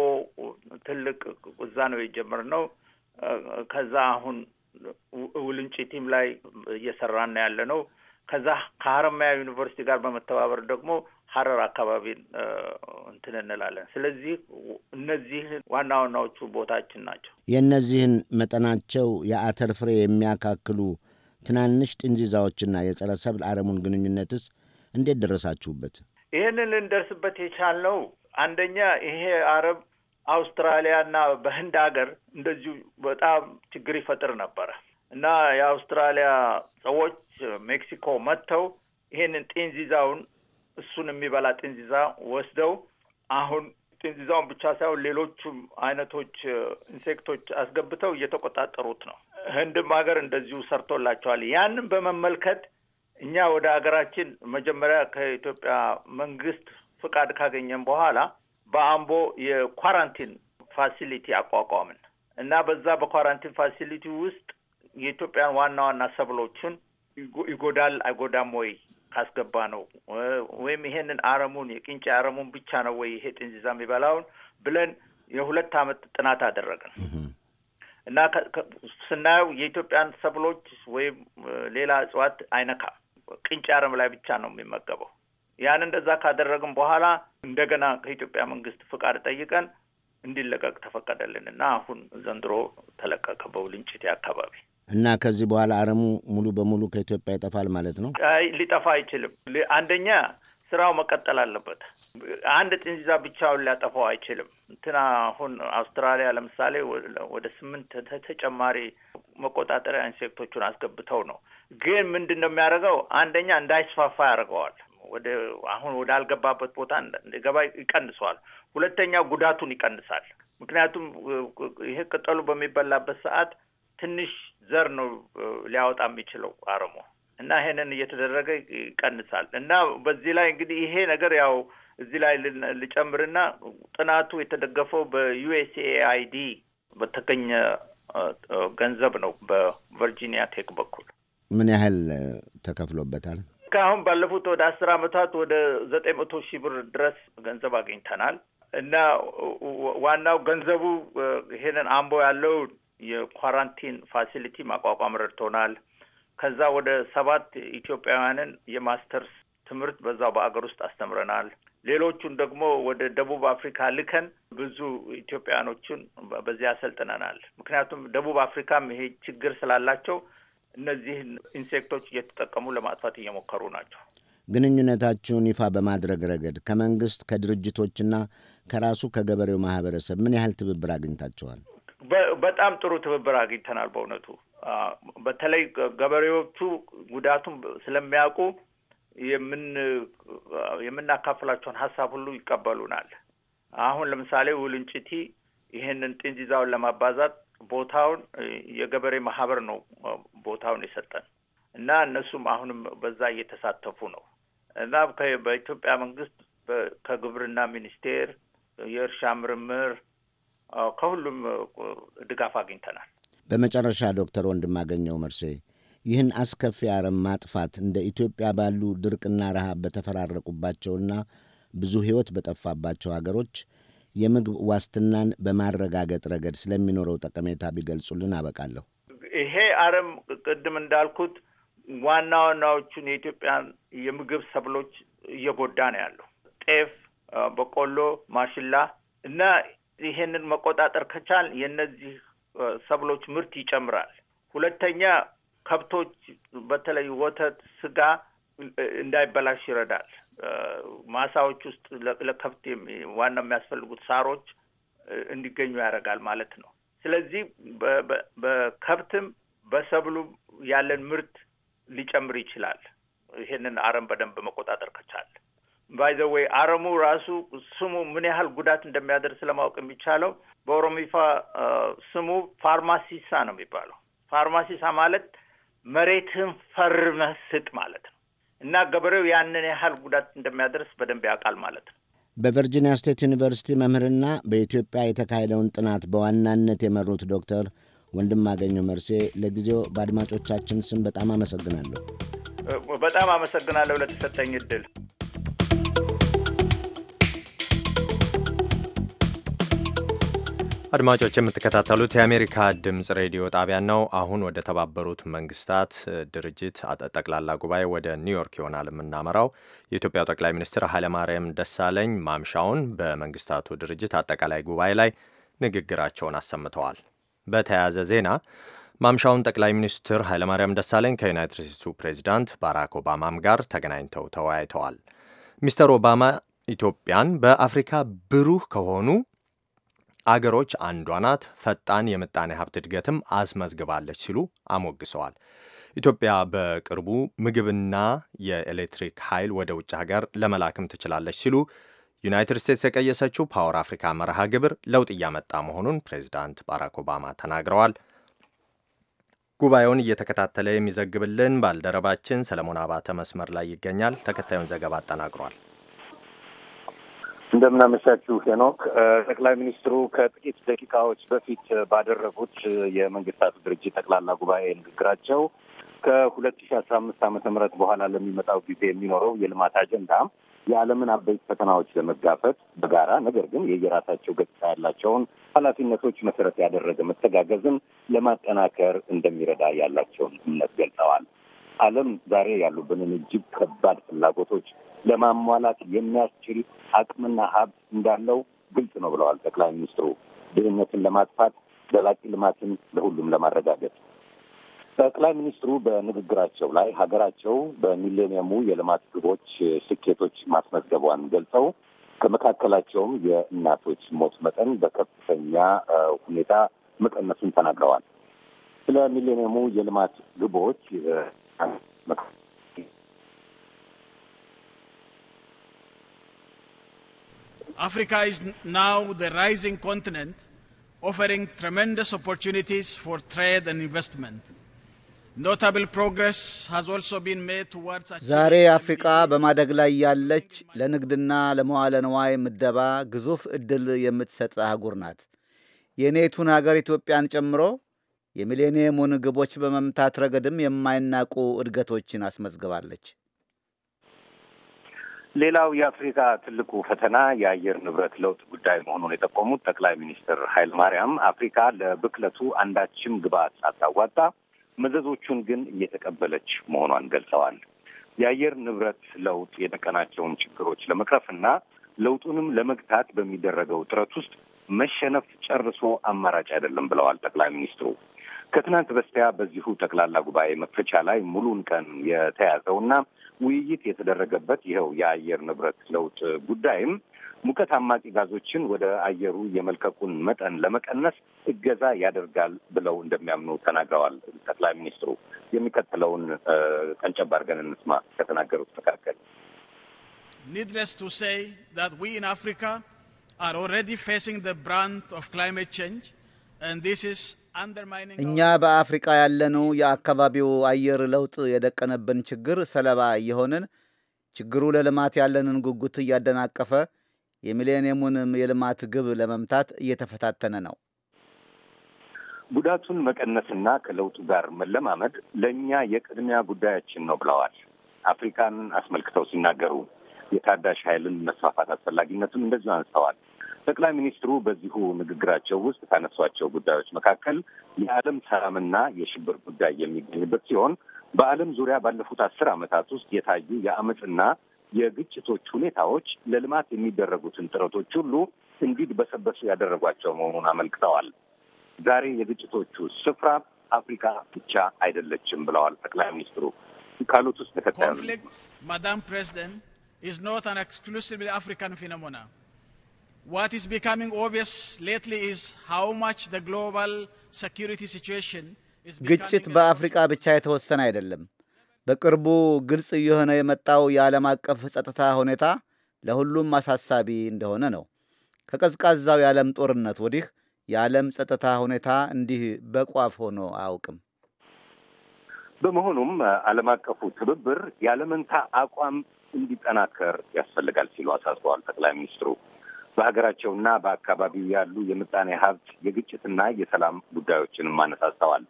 ትልቅ እዛ ነው የጀመርነው። ከዛ አሁን ውልንጭቲም ላይ እየሰራን ያለ ነው። ከዛ ከሀረማያ ዩኒቨርሲቲ ጋር በመተባበር ደግሞ ሀረር አካባቢን እንትን እንላለን። ስለዚህ እነዚህ ዋና ዋናዎቹ ቦታችን ናቸው። የእነዚህን መጠናቸው የአተር ፍሬ የሚያካክሉ ትናንሽ ጥንዚዛዎችና የጸረ ሰብል አረሙን ግንኙነትስ እንዴት ደረሳችሁበት? ይህንን ልንደርስበት የቻልነው አንደኛ ይሄ አረብ አውስትራሊያና በህንድ ሀገር እንደዚሁ በጣም ችግር ይፈጥር ነበረ እና የአውስትራሊያ ሰዎች ሜክሲኮ መጥተው ይሄንን ጢንዚዛውን እሱን የሚበላ ጥንዚዛ ወስደው አሁን ጥንዚዛውን ብቻ ሳይሆን ሌሎቹም አይነቶች ኢንሴክቶች አስገብተው እየተቆጣጠሩት ነው። ህንድም ሀገር እንደዚሁ ሰርቶላቸዋል። ያንን በመመልከት እኛ ወደ ሀገራችን መጀመሪያ ከኢትዮጵያ መንግስት ፍቃድ ካገኘን በኋላ በአምቦ የኳራንቲን ፋሲሊቲ አቋቋምን እና በዛ በኳራንቲን ፋሲሊቲ ውስጥ የኢትዮጵያን ዋና ዋና ሰብሎችን ይጎዳል አይጎዳም ወይ ካስገባ ነው ወይም ይሄንን አረሙን የቅንጭ አረሙን ብቻ ነው ወይ ይሄ ጥንዚዛ የሚበላውን ብለን የሁለት አመት ጥናት አደረግን እና ስናየው የኢትዮጵያን ሰብሎች ወይም ሌላ እጽዋት አይነካም። ቅንጭ አረም ላይ ብቻ ነው የሚመገበው። ያን እንደዛ ካደረግን በኋላ እንደገና ከኢትዮጵያ መንግስት ፍቃድ ጠይቀን እንዲለቀቅ ተፈቀደልን እና አሁን ዘንድሮ ተለቀቀ በውልንጭቴ አካባቢ። እና ከዚህ በኋላ አረሙ ሙሉ በሙሉ ከኢትዮጵያ ይጠፋል ማለት ነው? አይ ሊጠፋ አይችልም። አንደኛ ስራው መቀጠል አለበት። አንድ ጥንዚዛ ብቻውን ሊያጠፋው አይችልም። እንትና አሁን አውስትራሊያ ለምሳሌ ወደ ስምንት ተጨማሪ መቆጣጠሪያ ኢንሴክቶቹን አስገብተው ነው። ግን ምንድን ነው የሚያደርገው? አንደኛ እንዳይስፋፋ ያደርገዋል። ወደ አሁን ወደ አልገባበት ቦታ እንደገባ ይቀንሰዋል። ሁለተኛ ጉዳቱን ይቀንሳል። ምክንያቱም ይሄ ቅጠሉ በሚበላበት ሰዓት ትንሽ ዘር ነው ሊያወጣ የሚችለው አረሞ እና ይሄንን እየተደረገ ይቀንሳል እና በዚህ ላይ እንግዲህ ይሄ ነገር ያው እዚህ ላይ ልጨምርና ጥናቱ የተደገፈው በዩኤስኤአይዲ በተገኘ ገንዘብ ነው በቨርጂኒያ ቴክ በኩል ምን ያህል ተከፍሎበታል? ከአሁን ባለፉት ወደ አስር አመታት ወደ ዘጠኝ መቶ ሺህ ብር ድረስ ገንዘብ አግኝተናል እና ዋናው ገንዘቡ ይሄንን አምቦ ያለው የኳራንቲን ፋሲሊቲ ማቋቋም ረድቶናል። ከዛ ወደ ሰባት ኢትዮጵያውያንን የማስተርስ ትምህርት በዛው በአገር ውስጥ አስተምረናል። ሌሎቹን ደግሞ ወደ ደቡብ አፍሪካ ልከን ብዙ ኢትዮጵያውያኖችን በዚያ አሰልጥነናል። ምክንያቱም ደቡብ አፍሪካም ይሄ ችግር ስላላቸው እነዚህን ኢንሴክቶች እየተጠቀሙ ለማጥፋት እየሞከሩ ናቸው። ግንኙነታችሁን ይፋ በማድረግ ረገድ ከመንግስት ከድርጅቶችና ከራሱ ከገበሬው ማህበረሰብ ምን ያህል ትብብር አግኝታቸዋል? በጣም ጥሩ ትብብር አግኝተናል። በእውነቱ በተለይ ገበሬዎቹ ጉዳቱን ስለሚያውቁ የምን የምናካፍላቸውን ሀሳብ ሁሉ ይቀበሉናል። አሁን ለምሳሌ ውልንጭቲ ይህንን ጥንዚዛውን ለማባዛት ቦታውን የገበሬ ማህበር ነው ቦታውን የሰጠን እና እነሱም አሁንም በዛ እየተሳተፉ ነው እና በኢትዮጵያ መንግስት ከግብርና ሚኒስቴር የእርሻ ምርምር ከሁሉም ድጋፍ አግኝተናል። በመጨረሻ ዶክተር ወንድማገኘው መርሴ ይህን አስከፊ አረም ማጥፋት እንደ ኢትዮጵያ ባሉ ድርቅና ረሃብ በተፈራረቁባቸውና ብዙ ሕይወት በጠፋባቸው አገሮች የምግብ ዋስትናን በማረጋገጥ ረገድ ስለሚኖረው ጠቀሜታ ቢገልጹልን አበቃለሁ። ይሄ አረም ቅድም እንዳልኩት ዋና ዋናዎቹን የኢትዮጵያን የምግብ ሰብሎች እየጎዳ ነው ያለው ጤፍ፣ በቆሎ፣ ማሽላ እና ይሄንን መቆጣጠር ከቻል የእነዚህ ሰብሎች ምርት ይጨምራል። ሁለተኛ ከብቶች በተለይ ወተት፣ ስጋ እንዳይበላሽ ይረዳል። ማሳዎች ውስጥ ለከብት ዋና የሚያስፈልጉት ሳሮች እንዲገኙ ያደርጋል ማለት ነው። ስለዚህ በከብትም በሰብሉ ያለን ምርት ሊጨምር ይችላል። ይሄንን አረም በደንብ መቆጣጠር ከቻል። ባይዘወይ አረሙ ራሱ ስሙ ምን ያህል ጉዳት እንደሚያደርስ ለማወቅ የሚቻለው በኦሮሚፋ ስሙ ፋርማሲሳ ነው የሚባለው። ፋርማሲሳ ማለት መሬትህን ፈርመህ ስጥ ማለት ነው እና ገበሬው ያንን ያህል ጉዳት እንደሚያደርስ በደንብ ያውቃል ማለት ነው። በቨርጂኒያ ስቴት ዩኒቨርሲቲ መምህርና በኢትዮጵያ የተካሄደውን ጥናት በዋናነት የመሩት ዶክተር ወንድም አገኘው መርሴ ለጊዜው በአድማጮቻችን ስም በጣም አመሰግናለሁ። በጣም አመሰግናለሁ ለተሰጠኝ እድል። አድማጮች የምትከታተሉት የአሜሪካ ድምፅ ሬዲዮ ጣቢያ ነው። አሁን ወደ ተባበሩት መንግስታት ድርጅት ጠቅላላ ጉባኤ ወደ ኒውዮርክ ይሆናል የምናመራው። የኢትዮጵያው ጠቅላይ ሚኒስትር ኃይለማርያም ደሳለኝ ማምሻውን በመንግስታቱ ድርጅት አጠቃላይ ጉባኤ ላይ ንግግራቸውን አሰምተዋል። በተያያዘ ዜና ማምሻውን ጠቅላይ ሚኒስትር ኃይለማርያም ደሳለኝ ከዩናይትድ ስቴትሱ ፕሬዚዳንት ባራክ ኦባማም ጋር ተገናኝተው ተወያይተዋል። ሚስተር ኦባማ ኢትዮጵያን በአፍሪካ ብሩህ ከሆኑ አገሮች አንዷ ናት፣ ፈጣን የምጣኔ ሀብት እድገትም አስመዝግባለች ሲሉ አሞግሰዋል። ኢትዮጵያ በቅርቡ ምግብና የኤሌክትሪክ ኃይል ወደ ውጭ ሀገር ለመላክም ትችላለች ሲሉ ዩናይትድ ስቴትስ የቀየሰችው ፓወር አፍሪካ መርሃ ግብር ለውጥ እያመጣ መሆኑን ፕሬዚዳንት ባራክ ኦባማ ተናግረዋል። ጉባኤውን እየተከታተለ የሚዘግብልን ባልደረባችን ሰለሞን አባተ መስመር ላይ ይገኛል። ተከታዩን ዘገባ አጠናቅሯል። እንደምናመሻችሁ ሄኖክ። ጠቅላይ ሚኒስትሩ ከጥቂት ደቂቃዎች በፊት ባደረጉት የመንግስታቱ ድርጅት ጠቅላላ ጉባኤ ንግግራቸው ከሁለት ሺ አስራ አምስት ዓመተ ምህረት በኋላ ለሚመጣው ጊዜ የሚኖረው የልማት አጀንዳ የዓለምን አበይት ፈተናዎች ለመጋፈጥ በጋራ ነገር ግን የየራሳቸው ገጽታ ያላቸውን ኃላፊነቶች መሰረት ያደረገ መተጋገዝን ለማጠናከር እንደሚረዳ ያላቸውን እምነት ገልጸዋል። ዓለም ዛሬ ያሉብንን እጅግ ከባድ ፍላጎቶች ለማሟላት የሚያስችል አቅምና ሀብት እንዳለው ግልጽ ነው ብለዋል ጠቅላይ ሚኒስትሩ። ድህነትን ለማጥፋት ዘላቂ ልማትን ለሁሉም ለማረጋገጥ ጠቅላይ ሚኒስትሩ በንግግራቸው ላይ ሀገራቸው በሚሌኒየሙ የልማት ግቦች ስኬቶች ማስመዝገቧን ገልጸው ከመካከላቸውም የእናቶች ሞት መጠን በከፍተኛ ሁኔታ መቀነሱን ተናግረዋል። ስለ ሚሌኒየሙ የልማት ግቦች Africa is now the rising continent offering tremendous opportunities for trade and investment. Notable progress has also been made towards ዛሬ አፍሪቃ በማደግ ላይ ያለች ለንግድና ለመዋለ ንዋይ ምደባ ግዙፍ ዕድል የምትሰጥ አህጉር ናት። የኔቱን ሀገር ኢትዮጵያን ጨምሮ የሚሌኒየሙን ግቦች በመምታት ረገድም የማይናቁ እድገቶችን አስመዝግባለች። ሌላው የአፍሪካ ትልቁ ፈተና የአየር ንብረት ለውጥ ጉዳይ መሆኑን የጠቆሙት ጠቅላይ ሚኒስትር ኃይለማርያም አፍሪካ ለብክለቱ አንዳችም ግብዓት ሳታዋጣ መዘዞቹን ግን እየተቀበለች መሆኗን ገልጸዋል። የአየር ንብረት ለውጥ የደቀናቸውን ችግሮች ለመቅረፍና ለውጡንም ለመግታት በሚደረገው ጥረት ውስጥ መሸነፍ ጨርሶ አማራጭ አይደለም ብለዋል ጠቅላይ ሚኒስትሩ። ከትናንት በስቲያ በዚሁ ጠቅላላ ጉባኤ መክፈቻ ላይ ሙሉን ቀን የተያዘውና ውይይት የተደረገበት ይኸው የአየር ንብረት ለውጥ ጉዳይም ሙቀት አማቂ ጋዞችን ወደ አየሩ የመልቀቁን መጠን ለመቀነስ እገዛ ያደርጋል ብለው እንደሚያምኑ ተናግረዋል ጠቅላይ ሚኒስትሩ። የሚከተለውን ቀንጨብ አድርገን እንስማ ከተናገሩት መካከል ኒድለስ ቱ ሴይ ዊ ኢን አፍሪካ አር ኦልሬዲ ፌሲንግ ዘ ብራንት ኦፍ ክላይሜት ቼንጅ ኤንድ ዚስ እኛ በአፍሪቃ ያለነው የአካባቢው አየር ለውጥ የደቀነብን ችግር ሰለባ እየሆንን ችግሩ ለልማት ያለንን ጉጉት እያደናቀፈ የሚሌኒየሙንም የልማት ግብ ለመምታት እየተፈታተነ ነው። ጉዳቱን መቀነስና ከለውጡ ጋር መለማመድ ለእኛ የቅድሚያ ጉዳያችን ነው ብለዋል። አፍሪካን አስመልክተው ሲናገሩ የታዳሽ ኃይልን መስፋፋት አስፈላጊነቱን እንደዚሁ አንስተዋል። ጠቅላይ ሚኒስትሩ በዚሁ ንግግራቸው ውስጥ ካነሷቸው ጉዳዮች መካከል የዓለም ሰላምና የሽብር ጉዳይ የሚገኝበት ሲሆን በዓለም ዙሪያ ባለፉት አስር ዓመታት ውስጥ የታዩ የአመፅና የግጭቶች ሁኔታዎች ለልማት የሚደረጉትን ጥረቶች ሁሉ እንዲድበሰበሱ ያደረጓቸው መሆኑን አመልክተዋል። ዛሬ የግጭቶቹ ስፍራ አፍሪካ ብቻ አይደለችም ብለዋል ጠቅላይ ሚኒስትሩ ካሉት ውስጥ ተከታዩ ኮንፍሊክት ማዳም ፕሬዚደንት ኢዝ ኖት አን ኤክስክሉሲቭሊ አፍሪካን ፊኖሞና What is becoming obvious lately is how much the global security situation ግጭት በአፍሪካ ብቻ የተወሰነ አይደለም። በቅርቡ ግልጽ እየሆነ የመጣው የዓለም አቀፍ ጸጥታ ሁኔታ ለሁሉም አሳሳቢ እንደሆነ ነው። ከቀዝቃዛው የዓለም ጦርነት ወዲህ የዓለም ጸጥታ ሁኔታ እንዲህ በቋፍ ሆኖ አያውቅም። በመሆኑም ዓለም አቀፉ ትብብር ያለመንታ አቋም እንዲጠናከር ያስፈልጋል ሲሉ አሳስበዋል ጠቅላይ ሚኒስትሩ። በሀገራቸውና በአካባቢው ያሉ የምጣኔ ሀብት የግጭትና የሰላም ጉዳዮችንም አነሳስተዋል።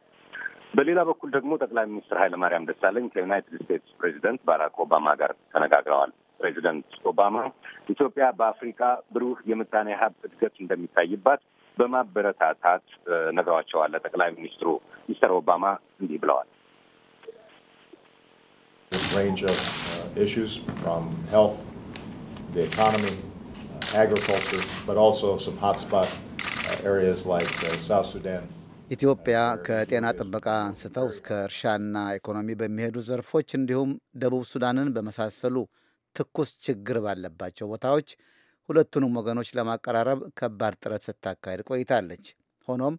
በሌላ በኩል ደግሞ ጠቅላይ ሚኒስትር ኃይለማርያም ደሳለኝ ከዩናይትድ ስቴትስ ፕሬዚደንት ባራክ ኦባማ ጋር ተነጋግረዋል። ፕሬዚደንት ኦባማ ኢትዮጵያ በአፍሪካ ብሩህ የምጣኔ ሀብት እድገት እንደሚታይባት በማበረታታት ነግረዋቸዋል። ጠቅላይ ሚኒስትሩ ሚስተር ኦባማ እንዲህ ብለዋል። range of issues from health, the economy, agriculture, but also some hotspot uh, areas like South Sudan. ኢትዮጵያ ከጤና ጥበቃ አንስተው እስከ እርሻና ኢኮኖሚ በሚሄዱ ዘርፎች እንዲሁም ደቡብ ሱዳንን በመሳሰሉ ትኩስ ችግር ባለባቸው ቦታዎች ሁለቱንም ወገኖች ለማቀራረብ ከባድ ጥረት ስታካሄድ ቆይታለች። ሆኖም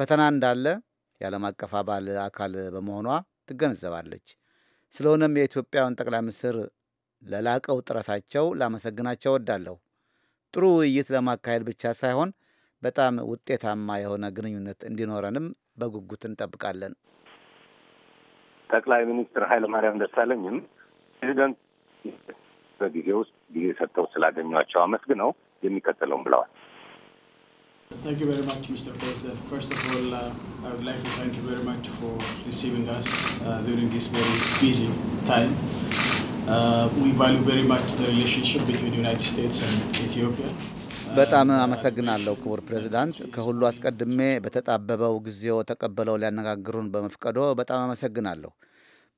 ፈተና እንዳለ የዓለም አቀፍ አባል አካል በመሆኗ ትገነዘባለች። ስለሆነም የኢትዮጵያን ጠቅላይ ሚኒስትር ለላቀው ጥረታቸው ላመሰግናቸው እወዳለሁ። ጥሩ ውይይት ለማካሄድ ብቻ ሳይሆን በጣም ውጤታማ የሆነ ግንኙነት እንዲኖረንም በጉጉት እንጠብቃለን። ጠቅላይ ሚኒስትር ኃይለማርያም ደሳለኝም ፕሬዚደንት በጊዜ ውስጥ ጊዜ ሰጥተው ስላገኟቸው አመስግነው የሚከተለውን ብለዋል። Thank you very much, Mr. President. First of uh, Uh, we value very much the relationship between the United States and Ethiopia. በጣም አመሰግናለሁ ክቡር ፕሬዚዳንት። ከሁሉ አስቀድሜ በተጣበበው ጊዜው ተቀበለው ሊያነጋግሩን በመፍቀዶ በጣም አመሰግናለሁ።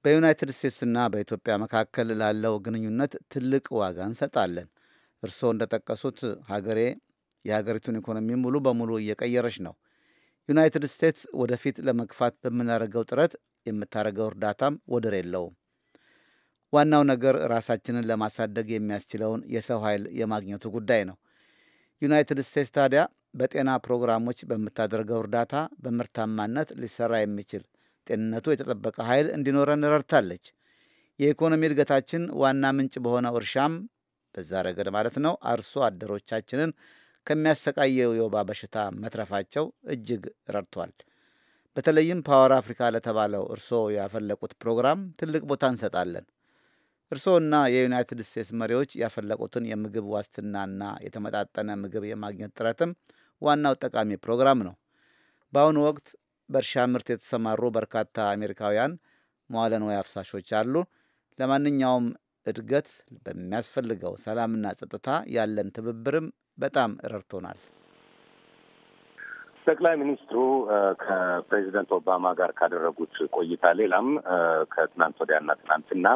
በዩናይትድ ስቴትስና በኢትዮጵያ መካከል ላለው ግንኙነት ትልቅ ዋጋ እንሰጣለን። እርስዎ እንደጠቀሱት ሀገሬ የሀገሪቱን ኢኮኖሚ ሙሉ በሙሉ እየቀየረች ነው። ዩናይትድ ስቴትስ ወደፊት ለመግፋት በምናደርገው ጥረት የምታደርገው እርዳታም ወደር የለውም። ዋናው ነገር ራሳችንን ለማሳደግ የሚያስችለውን የሰው ኃይል የማግኘቱ ጉዳይ ነው። ዩናይትድ ስቴትስ ታዲያ በጤና ፕሮግራሞች በምታደርገው እርዳታ በምርታማነት ሊሰራ የሚችል ጤንነቱ የተጠበቀ ኃይል እንዲኖረን ረድታለች። የኢኮኖሚ እድገታችን ዋና ምንጭ በሆነው እርሻም በዛ ረገድ ማለት ነው አርሶ አደሮቻችንን ከሚያሰቃየው የወባ በሽታ መትረፋቸው እጅግ ረድቷል። በተለይም ፓወር አፍሪካ ለተባለው እርስዎ ያፈለቁት ፕሮግራም ትልቅ ቦታ እንሰጣለን። እርስዎና የዩናይትድ ስቴትስ መሪዎች ያፈለቁትን የምግብ ዋስትናና የተመጣጠነ ምግብ የማግኘት ጥረትም ዋናው ጠቃሚ ፕሮግራም ነው። በአሁኑ ወቅት በእርሻ ምርት የተሰማሩ በርካታ አሜሪካውያን መዋለ ንዋይ አፍሳሾች አሉ። ለማንኛውም እድገት በሚያስፈልገው ሰላምና ጸጥታ ያለን ትብብርም በጣም ረድቶናል። ጠቅላይ ሚኒስትሩ ከፕሬዚደንት ኦባማ ጋር ካደረጉት ቆይታ ሌላም ከትናንት ወዲያና ትናንትና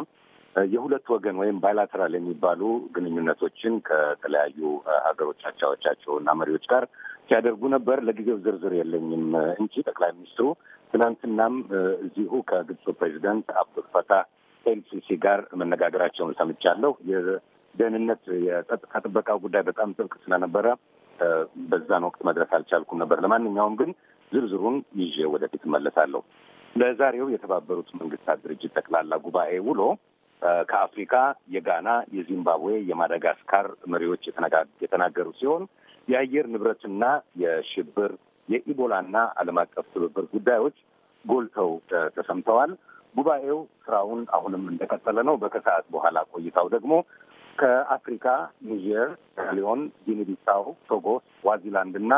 የሁለት ወገን ወይም ባይላተራል የሚባሉ ግንኙነቶችን ከተለያዩ ሀገሮች አቻዎቻቸው እና መሪዎች ጋር ሲያደርጉ ነበር። ለጊዜው ዝርዝር የለኝም እንጂ ጠቅላይ ሚኒስትሩ ትናንትናም እዚሁ ከግብፁ ፕሬዚደንት አብዱል ኤልሲሲ ጋር መነጋገራቸውን ሰምቻለሁ። የደህንነት የጸጥታ ጥበቃ ጉዳይ በጣም ጥብቅ ስለነበረ በዛን ወቅት መድረስ አልቻልኩም ነበር። ለማንኛውም ግን ዝርዝሩን ይዤ ወደፊት እመለሳለሁ። ለዛሬው የተባበሩት መንግስታት ድርጅት ጠቅላላ ጉባኤ ውሎ ከአፍሪካ የጋና፣ የዚምባብዌ፣ የማዳጋስካር መሪዎች የተናገሩ ሲሆን የአየር ንብረትና የሽብር የኢቦላና ዓለም አቀፍ ትብብር ጉዳዮች ጎልተው ተሰምተዋል። ጉባኤው ስራውን አሁንም እንደቀጠለ ነው። በከሰዓት በኋላ ቆይታው ደግሞ ከአፍሪካ ኒጀር፣ ሊዮን፣ ጊኒቢሳው፣ ቶጎ፣ ስዋዚላንድ እና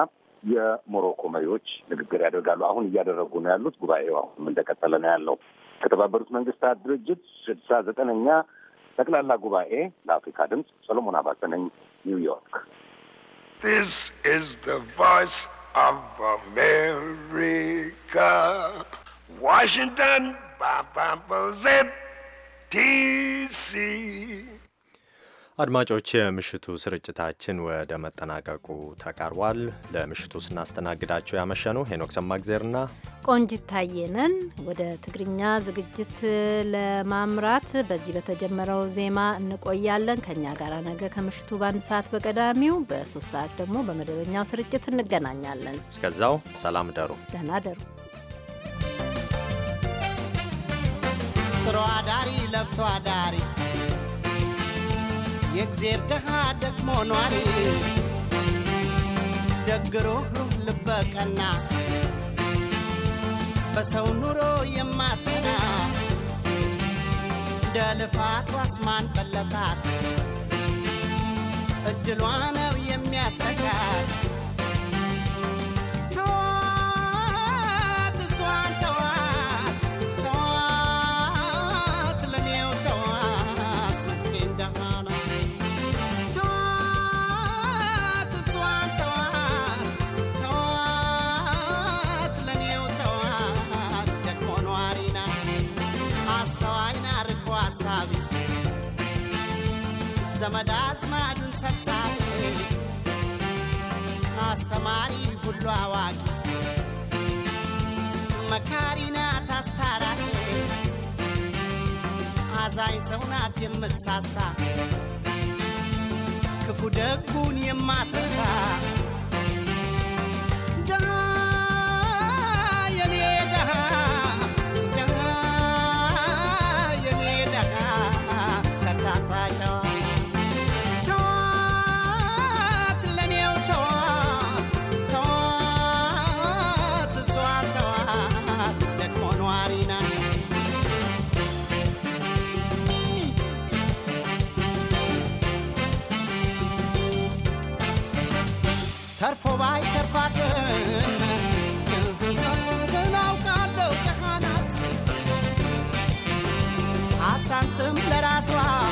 የሞሮኮ መሪዎች ንግግር ያደርጋሉ። አሁን እያደረጉ ነው ያሉት። ጉባኤው አሁንም እንደቀጠለ ነው ያለው። ከተባበሩት መንግስታት ድርጅት ስድሳ ዘጠነኛ ጠቅላላ ጉባኤ ለአፍሪካ ድምፅ ሰሎሞን አባተ ነኝ፣ ኒውዮርክ። This is the voice of America. Washington, ba ba ba zip, DC. አድማጮች የምሽቱ ስርጭታችን ወደ መጠናቀቁ ተቃርቧል። ለምሽቱ ስናስተናግዳቸው ያመሸኑ ሄኖክ ሰማግዜርና ቆንጂት ታየነን። ወደ ትግርኛ ዝግጅት ለማምራት በዚህ በተጀመረው ዜማ እንቆያለን። ከእኛ ጋር ነገ ከምሽቱ በአንድ ሰዓት በቀዳሚው፣ በሶስት ሰዓት ደግሞ በመደበኛው ስርጭት እንገናኛለን። እስከዛው ሰላም ደሩ፣ ደህና ደሩ። ጥሩ አዳሪ ለፍቶ አዳሪ የእግዜር ደሃ ደግሞ ኗሪ ደግሮ ልበቀና በሰው ኑሮ የማትና ደልፋት ዋስማን በለታት እድሏ ነው የሚያስጠጋት መካሪ ናት አስታራቂ አዛኝ ሰው ናት የምትሳሳ ክፉ ደጉን የማ That's why